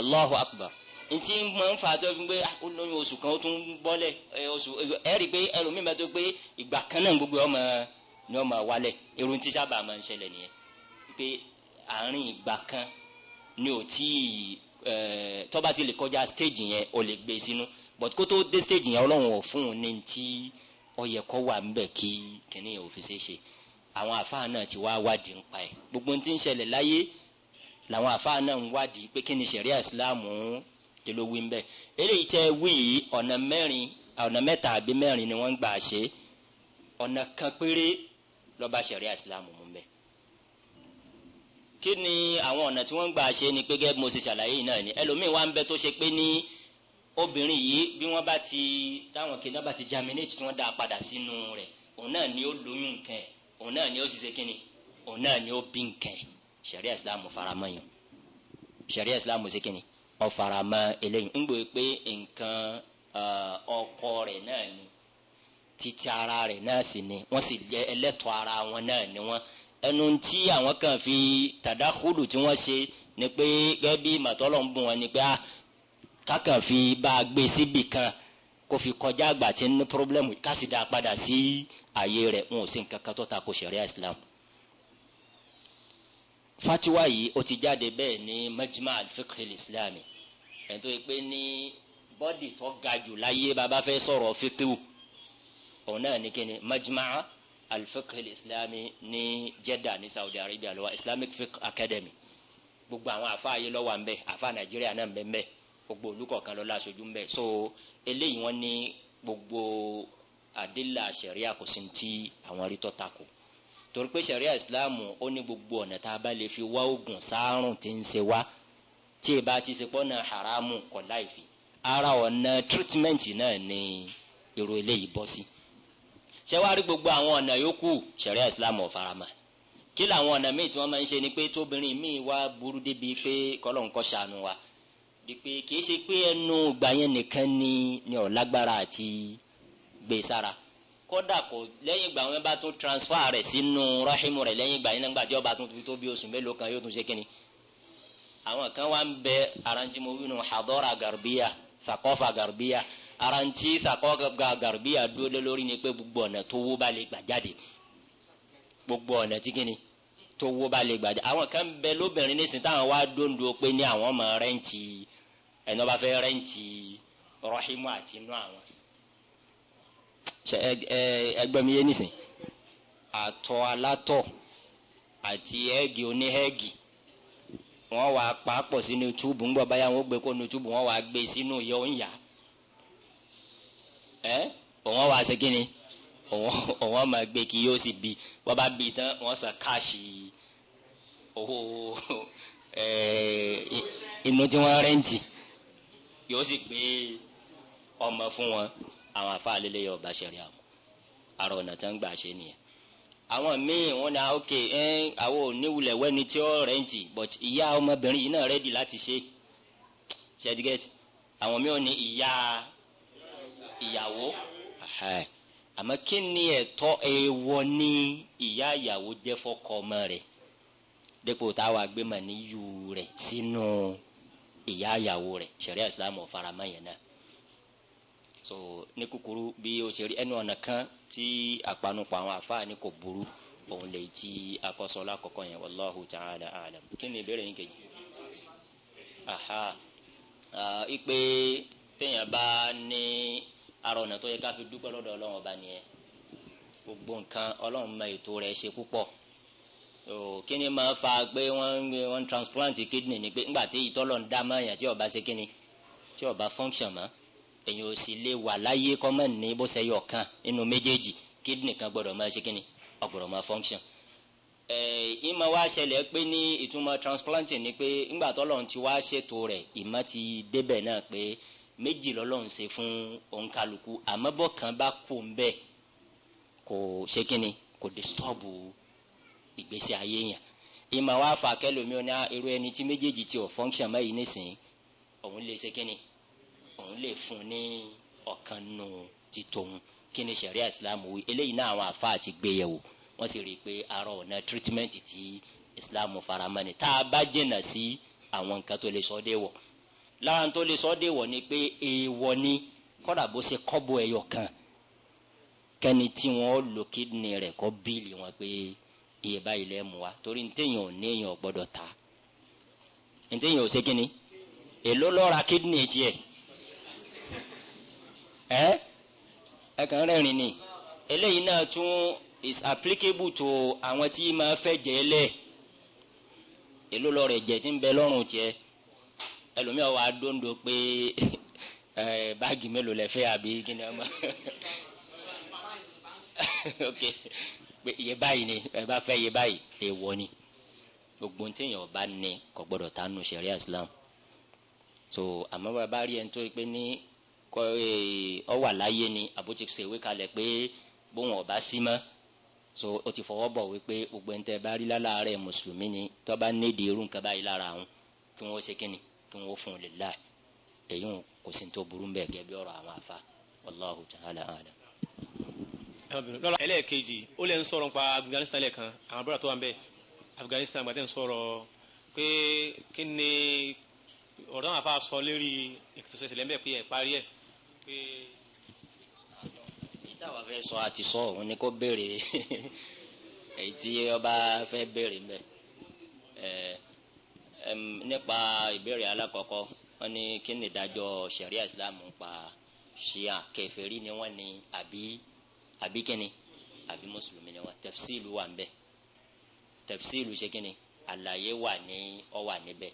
allahu akbar ntí mo ń fa tó fi gbé olóyún ah, oṣù kan ó tún bọ́lẹ̀ oṣù ẹ rí i pé ẹlòmíì máa tó pé ìgbà kan náà gbogbo ọmọ ni ọmọ wálẹ̀ irú tí sábà máa ń ṣẹlẹ̀ nìyẹn pé àárín ìgbà kan ni ò tíì Eh, tó bá ti lè kọjá stage yẹn o lè gbé sínú but kó tó dé stage yẹn ọlọ́run ò fún un ní ti ó yẹ kó wà ń bẹ̀ kí kìnìún yẹn ò fi ṣe ṣe àwọn àfáà náà ti wá wádìí ń pa ẹ̀ gbogbo ohun tí ń ṣẹlẹ̀ láyé làwọn àfáà náà ń wádìí pé kí ni ṣẹ̀ríà ìsìláàmù kí ló wí ń bẹ̀ eléyìí tẹ́ wí ọ̀nà mẹ́rin ọ̀nà mẹ́ta àbí mẹ́rin ni wọ́n gbà ṣe ọ̀nà kan péré lọ́ba ṣẹ̀ríà ìsìláàmù mú kí ni àwọn ọ̀nà tí wọ́n ń gbà ṣe ni pé gẹ́gẹ́ mo ṣe ṣàlàyé náà ni ẹlòmíín wá ń bẹ tó ṣe pé ní obìnrin yìí bí wọ́n bá ti táwọn kìnnà bá ti germinate tí wọ́n dá a padà sínú rẹ̀ òun náà ni ó lóyún nǹkan ẹ̀ òun náà ni ó sì ṣe kí ni òun náà ni ó bí nǹkan ẹ̀ sẹ̀ríà ìsìlámù faramọ́ yìí sẹ̀ríà ìsìlámù ṣe kí ni ó faramọ́ eléyìí ń gbọ́ pé nǹkan ọkọ rẹ̀ náà ni títí ara rẹ̀ náà sì ni wọ́n sì ẹlẹ́tọ̀ ara wọn náà ni wọ́n ẹnu tí àwọn kan fi tàdákùlù tí wọ́n ṣe ni pé gẹ́gẹ́ bí màtọ́lọ̀ ń bùn wọn ni pé a ah, kákan fi bá a gbé síbì kan kó fi kọjá àgbà tí ń ní pírọ́blẹ́mù ká sì dá a padà sí ààyè rẹ̀ ń ò sí nǹkan kan tó ta ko sẹ̀ríà Islam. fatiwa yìí ó ti jáde bẹ́ẹ̀ ní majma al islami ẹni tó pé ní bọ́dì tó ga jù láyé bàbá fẹ́ sọ̀rọ̀ fíkìwù òun náà ní kíni majma alfiqh islami ní Jeddah ní Saudi Arabia ló wà Islamic Fiqh Academy gbogbo àwọn àfa ayé ló wà ń bẹ àfa Nàìjíríà náà ń bẹ gbogbo olùkọ̀ọ̀kan ló láṣojú ń so eléyìí wọ́n ní gbogbo àdìlà sẹ̀ríà kò sí ti àwọn arítọ́ tako torí pé sẹ̀ríà ìsìláàmù ó ní gbogbo ọ̀nà tá a bá lè fi wá oògùn sáárùn tí ń ṣe wá tí ì bá ti ṣe pọ́nà haramu kọ̀ láì ara ọ̀nà treatment náà ni èrò eléyìí bọ́ sí. Si ṣẹwárí gbogbo àwọn ọ̀nà yòókù ṣẹ̀ríà islam ò faramọ́ kí làwọn ọ̀nà míì tí wọ́n máa ń ṣe ni pé tóbìnrin míì wá burú débi pé kọ́lọ́n kọ́ ṣàánú wa dípé kìí ṣe pé ẹnu ìgbà yẹn nìkan ni ni ọ̀ lágbára àti gbé sára kódà kò lẹ́yìn ìgbà wọn bá tún transfer rẹ̀ sínú rahimu rẹ̀ lẹ́yìn ìgbà yẹn nígbà tí ó bá tún tó bí oṣù mélòó kan yóò tún ṣe kínni àwọn kan wá ń bẹ aranjimowi hadora garbiya sakofa garbiya ara ntị, tí sàkọ́gà gàrúbíyà dúró lé lórí ni pé gbogbo ọ̀nà tó wó bá lè gbà jáde gbogbo ọ̀nà tí kìíní tó wó bá lè gbà jáde àwọn kan bẹ lóbìnrin nísìnyí táwọn wá dóńdó pé ní àwọn ọmọ rẹ́ǹtì ẹni wọn bá fẹ́ rẹ́ǹtì rọ́hímù àti inú àwọn. ẹgbẹ́ mi yé nísìnyí àtọ̀ alátọ̀ àti wọ́n sínú túbù ńgbọ̀ báyà wọ́n gbé kó nu túbù ẹ òun wá ṣe kí ni òun òun máa gbé kí yóò sì bi wọ́n bá bi tán wọ́n san káàṣì owó inú tí wọ́n rẹ́ǹtì yóò sì gbé ọmọ fún wọn àwọn àfáà lélẹ̀ yóò bá ṣẹlẹ̀ àwọn àrò ọ̀nà tán gbà ṣe nìyẹn àwọn míì wọn na ah, ok ẹ àwọn oníwulẹ̀ wẹ́ni tí ó rẹ́ǹtì but ìyá ọmọbìnrin yìí náà rẹ́dì láti ṣe ṣẹ́dígẹ́tì àwọn míì ò ní ìyá ìyàwó àmọ́ kí ni ẹ̀tọ́ èèwọ̀ ní ìyá ìyàwó jẹ́ fọ́kọ ọmọ rẹ̀ dépò táwa gbé mọ̀ níyù rẹ̀ sínú ìyá ìyàwó rẹ̀ ṣẹ̀ríà ìsìlámù ọ̀faramọ́ yẹn náà so ní kúkúrú bí o ṣe rí ẹnu ọ̀nà kan tí àpanupọ̀ àwọn àfáà ní kò burú òun lè ti akọ́sọ lákọ̀ọ́kọ́ yẹn wallahu ta'ala adam. kí ni ìbéèrè yín kejì aha ipe ah, téèyàn bá ní ara ọ̀nà tó yẹ ká fi dúpẹ́ lọ́dọ̀ ọlọ́run ọba nìyẹn gbogbo nǹkan ọlọ́run mọ ètò rẹ̀ ṣe púpọ̀ kí ni máa fa pé wọ́n wọ́n transplant kidney ni pé ńgbà tí ìtọ́lọ̀ ń dá mọ́ èèyàn tí ó ṣe kí tí ó function mọ́ èèyàn ò sì lè wà láyé kọ́mọ̀ ní bó ṣe yọ kan nínú méjèèjì kidney kan gbọ́dọ̀ máa ṣe kí ni ó gbọ́dọ̀ máa function ìmọ̀ wa ṣẹlẹ̀ pé ní ìtumọ̀ transplanting ni pé ńgbà tọ́lọ̀ ti wá ṣètò rẹ̀ ìmọ̀ ti débẹ̀ náà pé méjì lọ́lọ́run ṣe fún òǹkàlùkù àmọ́ bọ́ kan bá kú ń bẹ́ẹ̀ kò ṣe kínni kò distọ́bù ìgbésí ayé yẹn ìmọ̀ wa fà kẹlòmí ọ̀nà ah, irú ẹni tí méjèèjì ti ò fọ́nkṣàn báyìí nísìnyí òun lè ṣe kínni òun lè fún ní ọ̀kan nù ti tòun kínni ṣẹ̀ríà islam wí eléyìí náà àwọn àfa àti gbéyẹ̀wò wọ́n sì rí i pé arọ ọ̀nà treatment ti islam faramani tá a bá jìnnà sí àwọn nǹkan tó lè sọ dé láwọn tó lè sọ ọ́ dèwọ̀ ni pé èèwọ̀ ni kọ́dà bó ṣe kọ́bọ̀ ẹyọ kan kẹ́ni tí wọ́n lò kídìní rẹ̀ kọ́ bíìlì wọn pé iye báyìí lẹ́ mú wa torí ntẹ̀yìn ò ní èèyàn gbọ́dọ̀ ta ntẹ̀yìn ò ṣe kí èló lọ́ra kídìní tiẹ̀ ẹ́ ẹ kàn rẹ́rìn ni eléyìí náà tún is applicable to àwọn tí máa fẹ́ jẹ́ lẹ̀ èló lọ́rẹ̀ jẹ́ tí ń bẹ lọ́rùn tiẹ̀ ẹlòmíràn wà á dóńdó pé báàgì mélòó lẹ fẹ́ àbí kí ni ọmọ ok pé iye báyìí ni ẹ bá fẹ́ iye báyìí èèwọ̀ ni gbogbo ní téèyàn ọba ní kò gbọdọ̀ tá nù sẹ̀ríà Islam so àmọ́ bàbá rí ẹni tó pé ní ọ wà láyé ni àbótí ṣèwé kalẹ̀ pé bóun ọba sí mọ́ so o ti fọwọ́ bọ̀ wípé gbogbo ẹni tẹ́ bá rí lálàárẹ̀ mùsùlùmí ni tó bá nídìí irú nǹkan báyìí lára àwọn kí wọ́n ṣe kí ni kí wọ́n fún un lillahi èyí wọn kò sí tó burú bẹ́ẹ̀ gẹ́gẹ́ bí ọ̀rọ̀ àwọn afa wallahu ta'ala alam. lọ́la ẹlẹ́ẹ̀kejì ó lẹ́ ń sọ̀rọ̀ nípa Afghanistan lẹ́ẹ̀kan àwọn abúlé tó wà ń bẹ̀ Afghanistan gbàdé ń sọ̀rọ̀ pé kí ni ọ̀rọ̀ àwọn afa sọ lérí ìtòsẹ̀ ìṣẹ̀lẹ̀ ń bẹ̀ pé ẹ̀ parí ẹ̀ pé. ìtawà fẹ́ sọ àti sọ òun ni kò béèrè èyí tí ọba fẹ́ béèrè ń bẹ̀ nípa ìbéèrè alákọ̀ọ́kọ́ wọ́n ní kí ni ìdájọ́ sẹ̀ríà islam ń pa ṣíà kèfèrí ni wọ́n ní àbí àbí kíni àbí mùsùlùmí ni wọ́n tafsilu wà ńbẹ̀ tafsilu ṣe kíni àlàyé wà ní ọ wà níbẹ̀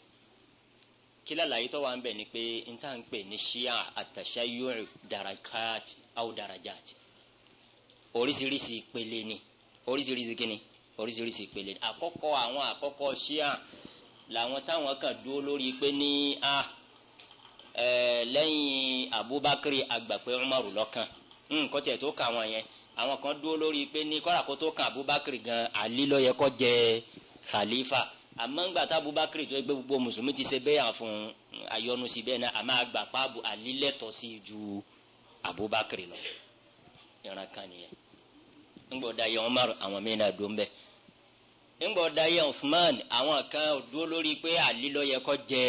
kí lálàyé tó wà ńbẹ̀ ni pé n tá à ń pè ní ṣíà àtàṣáyúrù darakat aw darajat oríṣiríṣi ìpele ni oríṣiríṣi kíni oríṣiríṣi ìpele ni àkọ́kọ́ àwọn àkọ́kọ́ ṣíà làwọn táwọn kan dúró lórí pé ní a ẹ lẹ́yìn Abubakar agbàpẹ́ Umaru lọ́kàn nǹkan hmm, tiẹ̀ tó kà wọ́n yẹn àwọn kan dúró lórí pé ní kọ́ra kó tó kan Abubakar gan Ali ló yẹ kó jẹ khalifa àmọ́ ńgbà tá Abubakar tó gbé gbogbo mùsùlùmí ti ṣe bẹ́ẹ̀ àfún ayọ́nu sí bẹ́ẹ̀ náà àmọ́ agbàpá Ali lẹ́tọ̀ sí ju Abubakar lọ ìran kan nìyẹn ńgbọ́dọ̀ ayé Umaru àwọn mí náà bẹ́ẹ̀ ńgbọ́ dayé Uthman àwọn kan dúró lórí pé Ali ló yẹ kó jẹ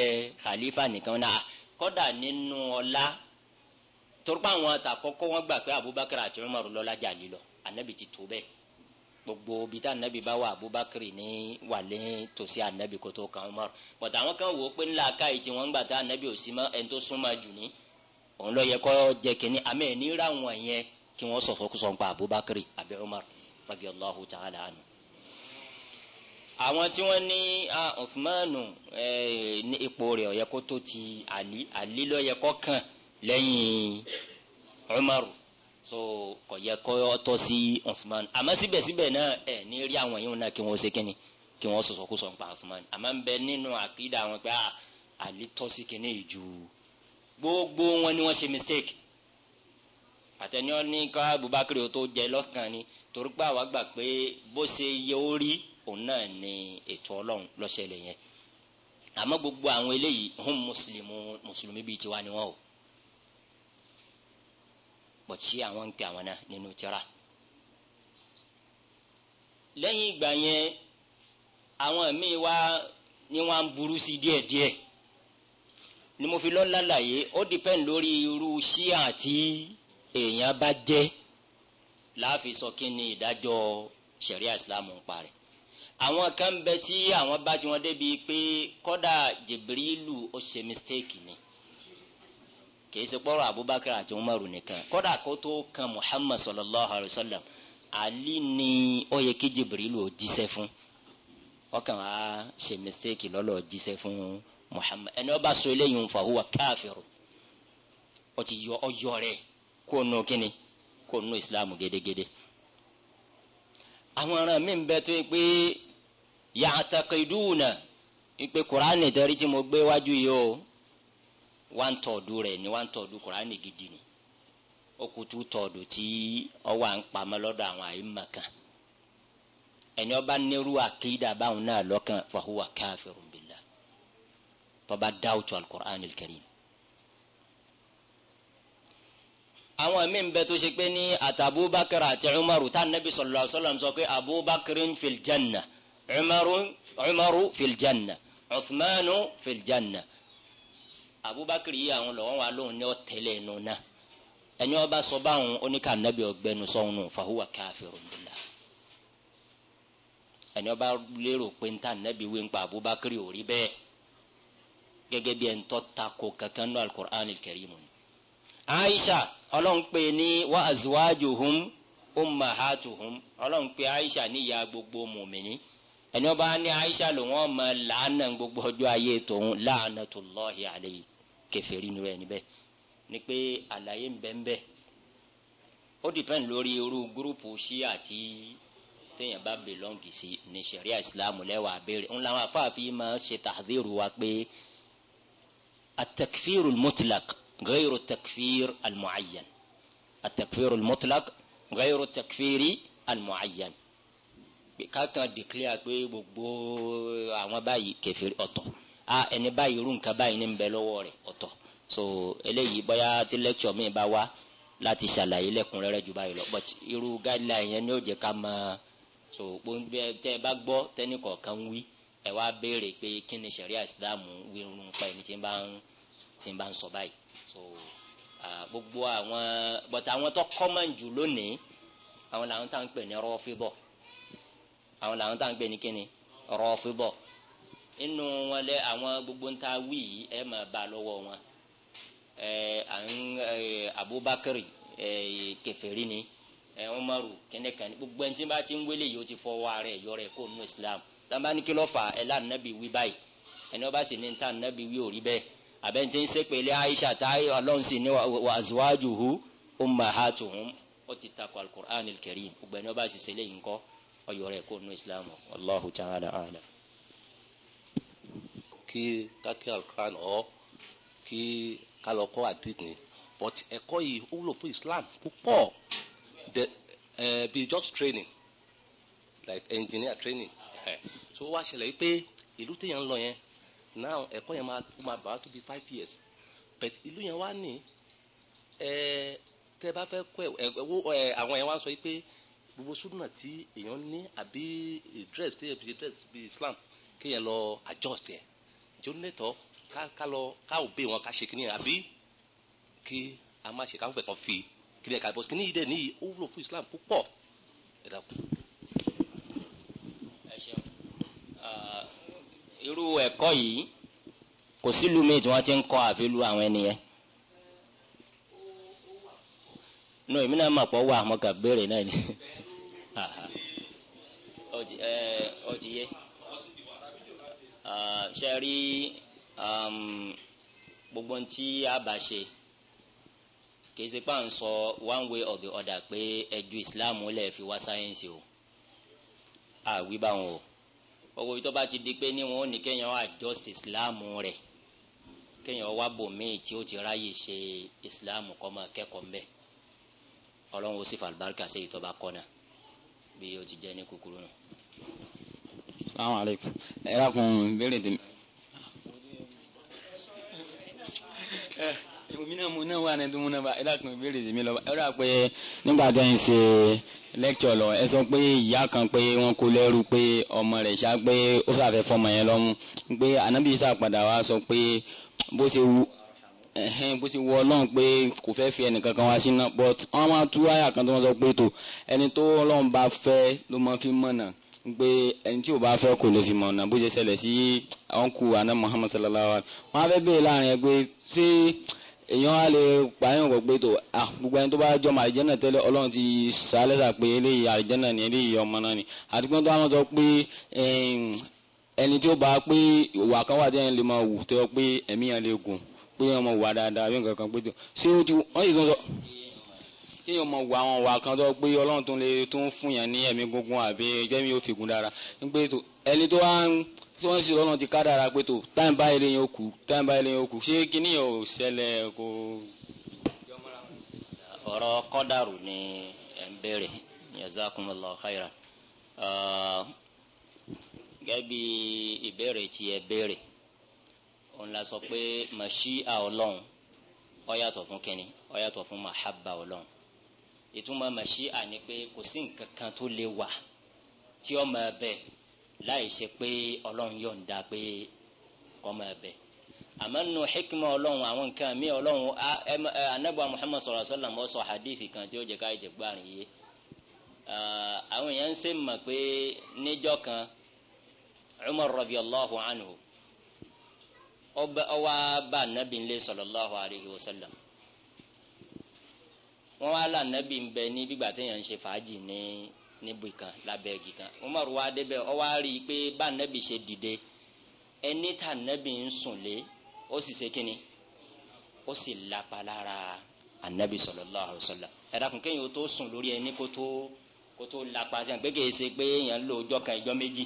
khalifa nìkan náà kódà nínú ọlá torípa àwọn àtàkọ́kọ́ wọn gbà pé Abubakar àti Umar lọ́lá jà lílọ anabi ti tó bẹ́ẹ̀ gbogbo bí tá anabi bá wà Abubakar ní wàlẹ́ tòsí anabi kó tó kan Umar bọ̀dà àwọn kan wò ó pé ńlá káyìí tí wọ́n gbà tá anabi ò sí mọ́ ẹni tó súnmọ́ jù ní òun lọ jẹ kínní àmì ẹ̀ ra wọn yẹn kí wọ́n sọ̀tọ́kùsọ̀ ń pa Abubakar àbí Umar radiyallahu ta'ala anu àwọn tí wọ́n ní ọ̀fùmánù ní ipò rẹ̀ ó yẹ kó tó ti àlí àlí ló yẹ kó kàn lẹ́yìn Umaru so kò yẹ kó tọ́ sí ọ̀fùmánù àmọ́ síbẹ̀síbẹ̀ náà ẹ̀ ní rí àwọn yìí náà kí wọ́n ṣe kíni kí wọ́n sọ̀sọ̀ kó sọ̀npa ọ̀fùmánù àmọ́ ń bẹ nínú àkídà àwọn pé àlí tọ́ sí kíní ìjù gbogbo wọn ni wọ́n ṣe mistake àtẹnuyọ́ ní ká Abubakar tó jẹ lọ́kàn ni torí pé àwa gbà pé bó ṣe yẹ ó rí ona ni ètò ọlọ́run lọ́sẹ̀lẹ̀ yẹn àmọ́ gbogbo àwọn eléyìí hum mùsùlùmí mùsùlùmí bíi tiwa ni wọ́n o bọ̀tí àwọn ń pè àwọn náà nínú tírà lẹ́yìn ìgbà yẹn àwọn míì wá ni wọ́n á burú sí díẹ̀díẹ̀ ni mo fi lọ́ lálàyé ó dìpẹ́ǹ lórí irú ṣíà tí èèyàn bá jẹ́ láàfin sọ kí ni ìdájọ́ sẹ̀ríà ìsìlámù ń parẹ́ àwọn kan bẹ tí àwọn bá ti wọn débi pé kọ́dà jìbìrìlù ó ṣe mistake ni kìí ṣe pọ́rọ̀ abubakar àti umaru nìkan kọ́dà kó tó kan muhammad sallallahu alayhi wa sallam ali ni ó yẹ kí jibrilu ó jíṣẹ́ fún ọkàn á ṣe mistake lọ́lọ́ jíṣẹ́ fún muhammad ẹni ó bá sọ eléyìí fa huwa káfíru ó ti yọ ọyọ rẹ kó nù kíni kó nù islam gédégédé. Gede. àwọn ọ̀ràn mi bẹ tó yẹ pé yàtàkìdúnà ìpè kùránì tẹ́rí tí mo gbé wájú yìí o wá ń tọ̀ọ̀dù rẹ̀ ni wá ń tọ̀ọ̀dù kùránì gidi ni ó kú tú tọ̀ọ̀dù tí ọwọ́ à ń pamọ́ lọ́dọ̀ àwọn àyímọ̀ kan ọba nírú àkídà báwọn náà lọ́kàn fahuwa kafirun tọba dáwùtù alukur'an alkarim àwọn míì bẹ tó ṣe pé ní àti abubakar àti umaru tá nabi sallallahu alaihi wasallam sọ pé abubakar fil janna umaru umaru fil janna uthmanu fil janna abubakar yìí àwọn lọ́wọ́ wa lóhùn ní ọ̀tẹ̀lẹ̀ nù náà ẹni ọba sọ báwọn oníkà nabi ọgbẹnu sọhùn nù fahuwa kafirun billah ẹni ọba lérò pé níta nabi wí ń pa abubakar ò rí bẹ́ẹ̀ gẹ́gẹ́ bí ẹni tó ta ko kankan ní alukur'an kẹrìmù ni aisha ọlọ́run pè ní wa azwajuhum ummahatuhum ọlọ́run pè aisha níyà gbogbo mùmíní ẹni ọba ní aisha ló wọn mọ làánà gbogbo ọjọ́ ayé tòun la'natullahi alayhi kèfèrí nírú ẹni bẹ́ẹ̀ ni pé àlàyé ń bẹ́ẹ̀ bẹ́ẹ̀ ó dìpẹ́ǹd lórí irú gúrúùpù ṣíà tí téèyàn bá bèlọ́ǹgì sí ní ṣẹ̀ríà ìsìlámù lẹ́wà abẹ́rẹ́ ńlá wọn afáàfin máa ṣe tahdhiru wa pé at-takfirul غير التكفير المعين التكفير المطلق غير التكفير المعين kákan declare pé gbogbo àwọn báyìí kèfèrí ọ̀tọ̀ a ẹni báyìí irú nǹkan báyìí ní so eléyìí bóyá tí lecture mi bá wá láti ṣàlàyé lẹ́kùnrẹ́rẹ́ jù báyìí lọ but irú guideline yẹn ni ó jẹ́ ká mọ̀ so gbogbo tẹ ẹ bá gbọ́ tẹ́nì kọ̀ọ̀kan wí ẹ wá béèrè pé kí ni sharia islam wí ń pa ẹni tí ń bá ń sọ báyìí so gbogbo àwọn bọ̀tà àwọn tó kọ́mọ̀n jù lónìí àwọn làwọn tá à ń pè ní rọ́fíbọ̀ àwọn làwọn tá à ń pè ní kíni rọ́fíbọ̀ inú wọn lẹ àwọn gbogbo ń ta wí yìí ẹ máa bá a lọ́wọ́ wọn ẹ à ń Abubakar ẹ kèfèrí ni ẹ Umaru kẹnẹkan gbogbo ẹni tí bá ti ń wélé yìí ó ti fọwọ́ ara ẹ yọrọ ẹ kó nu Islam tàbá kí ló fà ẹ lá nàbí wí báyìí ẹni wọn bá sì ní ta nàbí wí ò bẹ́ẹ̀ àbẹ̀ntì ń sépèlé Aisha táyé ọlọ́run sì ní umma azwajuhu ummahatuhum ó ti takò al-Qur'an al-Karim ọgbẹ́ni ọba ṣiṣẹ́ lẹ́yìn kọ́ ọyọ rẹ̀ kó nu Islam Allahu ta'ala ala. kí kákí al-Qur'an ọ kí kálọ̀ kọ́ hadith ni but ẹ̀kọ́ yìí ó wúlò fún Islam púpọ̀ be just training like engineer training so wá ṣẹlẹ̀ yìí pé ìlú téèyàn ń lọ yẹn now ẹ̀kọ́ yẹn máa bàá tó bí five years but ìlú yẹn wá ní ẹ tẹ bá fẹ́ kọ́ ẹ ẹ àwọn yẹn wá sọ pé gbogbo súnà tí èèyàn ní àbí dress tí èèyàn dress bí Islam kéèyàn lọ adjust yẹn jẹ onítọ ká lọ ká ò bẹ wọn ká ṣe kíni àbí kí a má ṣe ká fẹ́ kàn fi kíni ẹ̀ka bọ kíni yìí dẹ níyì ó wúlò fún Islam púpọ̀ ẹ dákun. irú ẹ̀kọ́ yìí kò sílùú mi tí wọ́n ti ń kọ́ àfẹ́lú àwọn ẹnìyẹn. nù èmi náà mà pọ̀ wà àmọ́ kà béèrè náà ni ọ ti yé ṣe rí um, gbogbo ohun tí a bá ṣe kì í ṣe pà ń sọ one way or the other pé ẹjú Islam lè fi wá sáyẹ́ǹsì o àwí báwọn o owó tó bá ti di pé ní wọn ò ní kéèyàn adjust islam rẹ̀ kéèyàn wá bòmíì tí ó ti ráyè ṣe islam kọ́ máa kẹ́kọ̀ọ́ mbẹ ọlọ́run ó sì fa àlùbáríkà sí èyí tó bá kọ́ náà bí ó ti jẹ́ ní kúkúrú nù. salaamu aleykum ẹ dákun béèrè tèmi èmi náà mo náà wà ní túnmú náà ẹ dákun ìbéèrè mi lọ ẹ rà pé nígbà tó ń ṣe lẹ́kítọ̀ lọ ẹ sọ pé ìyá kan pé wọ́n kó lẹ́rú pé ọmọ rẹ̀ ṣá pé ó ṣàfẹ́ fọmọ yẹn lọ́mú pé ànábì ṣàpàdà wa sọ pé bó ṣe wù bó ti wọ ọlọ́run pé kò fẹ́ fi ẹnìkan kan wá sí náà but wọ́n máa tú àyà kan tó wọ́n sọ pé tó ẹni tó ọlọ́run bá fẹ́ ló máa fi mọ̀nà pé ẹni tí ò bá fẹ́ kò lè fi mọ̀nà bó ṣe ṣẹlẹ̀ sí ọ̀nkù àná Muhammad sallallahu alayhi wa sallam wọ́n á fẹ́ bèèrè láàrin ẹ ṣé èèyàn á lè pààyàn kọ pé tó ah gbogbo ẹni tó bá jọ màá àlìjẹ́nà tẹ́lẹ̀ ọlọ́run ti sàálẹ́sà pé eléyìí àlìjẹ́nà ni eléyìí ọmọ náà ni àti pé tó àwọn sọ pé ẹni tí ó bá pé ìwà kan wà tẹ́yìn lè máa wù tó yọ pé ẹ̀mí yẹn lè gùn pé yẹn máa wà dáadáa bí nǹkan kan pé tó ṣé ó ti wọ́n sì sọ sọ kí yẹn máa wà àwọn ìwà kan tó pé ọlọ́run tó ń fún yẹn ní ẹ̀mí gúngún àbí ẹ̀mí yóò fi gùn dára ẹni tó wá ń tí wọ́n sì lọ́nà ti kádàrà pé tó táyìn báyìí lè yẹn ó kú táyìn báyìí lè yẹn ó kú ṣé kíní yẹn ò ṣẹlẹ̀ kó. ọ̀rọ̀ kọ́dàrú ni ẹ̀ ń béèrè jazakumullahu khaira gẹ́gẹ́ bí ìbéèrè tí ẹ béèrè òun la sọ pé màṣíà ọlọ́run ó yàtọ̀ fún kínní ó yàtọ̀ fún màhábà ọlọ́run ìtumọ̀ màṣíà ni pé kò sí nǹkan kan tó lè wà tí ó máa bẹ́ẹ̀ láì ṣe pé ọlọ́run yọ̀ǹda pé kọ́ máa bẹ̀ àmọ́ nù hikima ọlọ́run àwọn nǹkan mi ọlọ́run anabuwa muhammad sallallahu alaihi wasallam sọ hadithi kan tí ó jẹ káyọ̀ jẹgbàrin yìí àwọn èèyàn ń sè mọ̀ pé níjọ́ kan umar radiyallahu anhu ọwa bá anabi nlé sallallahu alaihi wasallam wọn wá là anabi nbẹ ní gbígbà téèyàn ń ṣe fàájì ní níbi kan lábẹ́ igi kan Umaru wa débẹ̀ ọ wá rí i pé bá nẹ́bì ṣe dìde ẹni tá nẹ́bì ń sùn lé ó sì ṣe kínni ó sì lápa lára anabi sallallahu alaihi wasallam ẹ̀dàkùn kéèyàn tó sùn lórí ẹni kó tó kó tó lápa sí àgbẹ̀ kìí ṣe pé èèyàn lò ọjọ́ kan ìjọ́ méjì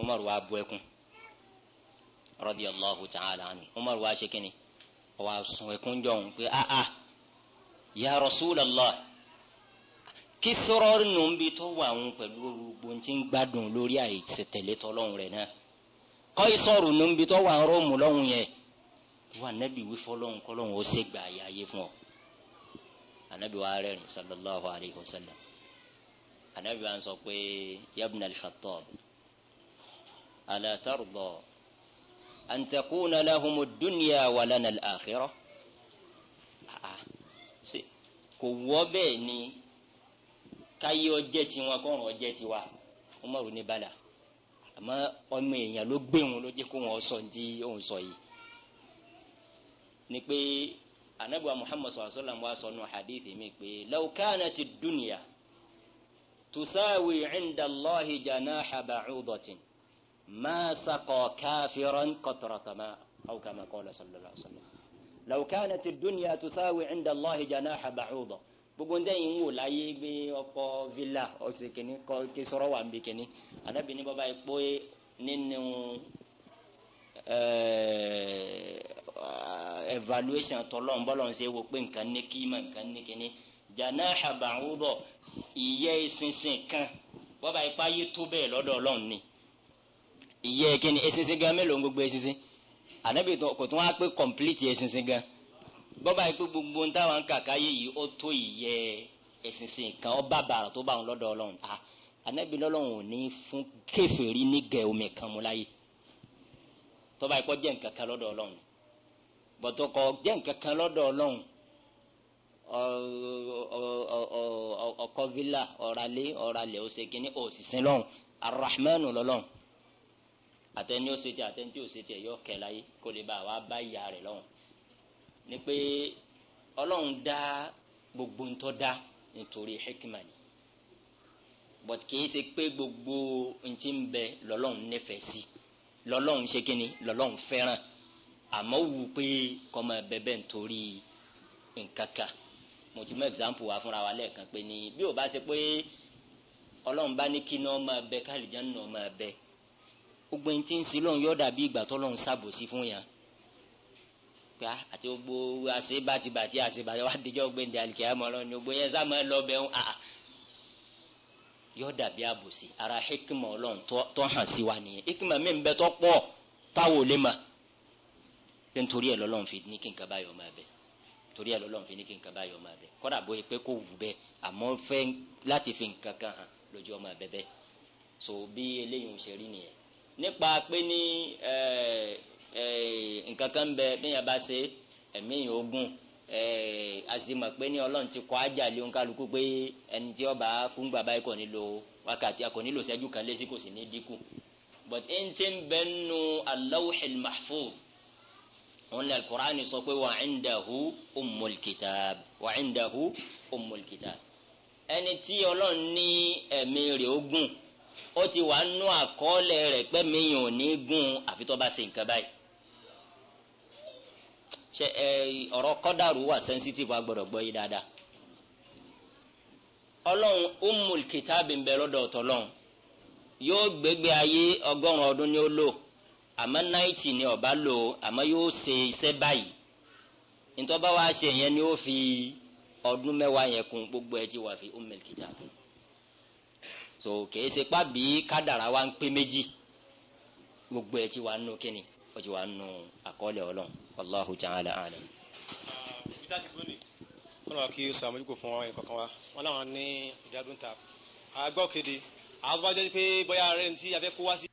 Umaru wa bu ẹkún radiyallahu ta'ala anhu Umaru wa ṣe kínni ọ wa sùn ẹkún jọ̀hún pé ah ah ya rasulallah kí sọ̀rọ̀ nù ń bi tó wà ń pẹ̀lú gbogbo tí ń gbádùn lórí àìsètèlé tọ́lọ́hún rẹ̀ náà kọ́ ìsọ̀rọ̀ nù ń bi tó wà ń rọ́ọ̀mù lọ́hún yẹn wà nẹ́bí wí fọlọ́hún kọ́lọ́hún ó ṣe gbà ayé ayé fún ọ. anabi wa rẹ́rìn sallallahu alayhi wa sallam anabi wa sọ pé yabna al-Khattab ala tarda lahumu dunya wa al-akhirah kò wọ́ bẹ́ẹ̀ ni káyé ọjẹ́ tiwọn kọ́run ọjẹ́ tiwa Umaru ní bala àmọ́ ọmọ èèyàn ló gbé wọn ló jẹ́ kó wọn sọ di òun sọ yìí ni pé anabiwa Muhammad sallallahu alaihi wa sallam wa sọ nù hadith mi pé law kanati dunya tusawi inda Allahi janaha ba'udatin ma saqa kafiran qatrata ma aw kama qala sallallahu alaihi wa sallam dunya tusawi inda Allahi janaha ba'udatin gbogbo ń dẹ́yìn ń wò láyé gbé ọkọ̀ villa ọ̀sẹ̀ kìíní kọ́ kí sọ̀rọ̀ wà níbi kìíní ànábì ní bàbá yìí pé e nínú evaluation tọ́lọ́ ń bọ́lọ́ ń ṣe wo pé nǹkan ní kí mà nǹkan ní kìíní jana habahudọ ìyẹ́ ìsinsin kan bàbá yìí pa yìí tó bẹ́ẹ̀ lọ́dọ̀ ọlọ́run ni ìyẹ́ kìíní ìsinsin gan mélòó ń gbogbo ìsinsin ànábì kò tún wá pé complete gan bọ́ba yìí pé gbogbo ń táwọn ń kàkà yé yìí ó tó ìyẹ ẹ̀sìn sìn kan ọba bàrà tó bá wọn lọ́dọ̀ ọlọ́run a anabi lọ́lọ́run ò ní fún kèfèrí ní gẹ̀ omi kan mu láyé tọ́ba yìí kọ́ jẹ́ nǹkan kan lọ́dọ̀ ọlọ́run bọ́tọ́ kọ́ jẹ́ nǹkan kan lọ́dọ̀ ọlọ́run ọkọ villa ọ̀ralé ọ̀ralẹ̀ ọ̀sẹ̀kìnní òsìsìn lọ́hùn arahmanu lọ́lọ́hùn àtẹni ó ṣe tiẹ̀ àtẹni tí ó ṣe tiẹ̀ yọ kẹ̀ láyé kó lè bá wa bá ìyá rẹ̀ lọ́hùn ni pé ọlọ́run dá gbogbo ntọ́ dá nítorí hikima ni but kìí ṣe pé gbogbo ntí ń bẹ lọ́lọ́run nífẹ̀ẹ́ sí lọ́lọ́run ṣe kíni lọ́lọ́run fẹ́ràn àmọ́ wù pé kọ́mọ bẹ́bẹ́ nítorí nkankan mo ti mọ example wa fúnra wa lẹ́ẹ̀kan pé ni bí o bá ṣe pé ọlọ́run bá ní kí náà máa bẹ káàlì jẹ́ náà máa bẹ gbogbo ntí ń sí lọ́run yọ̀ọ́ dàbí ìgbà tọ́lọ́run ṣàbòsí fún yàn pé a ah, àti gbogbo àṣebàtìbàtì àṣebàtì wà díjọ́ gbẹ̀ǹdẹ̀ àlìkẹ́yàmọ́ lọ ni gbogbo yẹn sá máa lọ bẹ̀ ń a yọ dàbí àbòsí ara hikima ọlọ́run tó hàn sí wa nìyẹn hikima mi ń bẹ tó pọ̀ táwo lè mà pé nítorí ẹ̀ lọ́lọ́run fi ní kí n kaba yọ̀ máa bẹ̀ torí ẹ̀ lọ́lọ́run fi ní kí n kaba yọ̀ máa bẹ̀ kọ́dà bó yẹ pé kó wù bẹ́ẹ̀ àmọ́ fẹ́ láti fi nǹkan kan hàn lójú ọmọ ẹ̀ bẹ́ẹ̀ so bí eléyìí ń ṣe rí nìyẹn nípa pé ní ẹ̀ẹ́. Eh, nǹkan kan bẹ bẹ́yẹn bá ṣe ẹ̀mí yìí ogun àsìmọ̀ eh, pé ní ọlọ́run ti kọ́ àjàlé oníkálukú pé ẹni tí ọba kún bàbá yìí kò ní lo wákàtí kò ní lo ṣẹ́jú kan lé sí kò sì ní dínkù but ẹni tí ń bẹ nu alawuhil mahfuz wọn lè alukur'an sọ pé wà indahu ummul kitab wà indahu ummul kitab ẹni tí ọlọ́run ní ẹ̀mí rẹ̀ ogun ó ti wà nù àkọọ́lẹ̀ rẹ̀ pẹ́ mi ní gùn àfi tó bá ṣe ṣe ẹ ọ̀rọ̀ kọ́dàrú wà sensitive agbọ́dọ̀ gbọ́ yìí dáadáa ọlọ́run umul kitabi ń bẹ lọ́dọ̀ ọ̀tọ̀lọ́run yóò gbégbé ayé ọgọ́rùn ọdún ni ó lò àmọ́ náìtì ni ọba lò àmọ́ yóò ṣe iṣẹ́ báyìí nítorí bá wàá ṣe yẹn ni ó fi ọdún mẹ́wàá yẹn kún gbogbo ẹ ti wà fi umul kitabi so kìí ṣe pàbí kádàrá wa ń pé méjì gbogbo ẹ ti wà nù kíni ó ti wà nù àkọọ́lẹ̀ ọlọ́run. Allahu ta'ala alam. wọ́n lọ kí sọ àmójúkò fún ọ̀rọ̀ ìkọ̀kan wa wọ́n láwọn ní ìdádúntà àgbọ̀ kéde àwọn tó bá jẹ́ pé bóyá rẹ̀ ń tí abẹ́kú wá sí.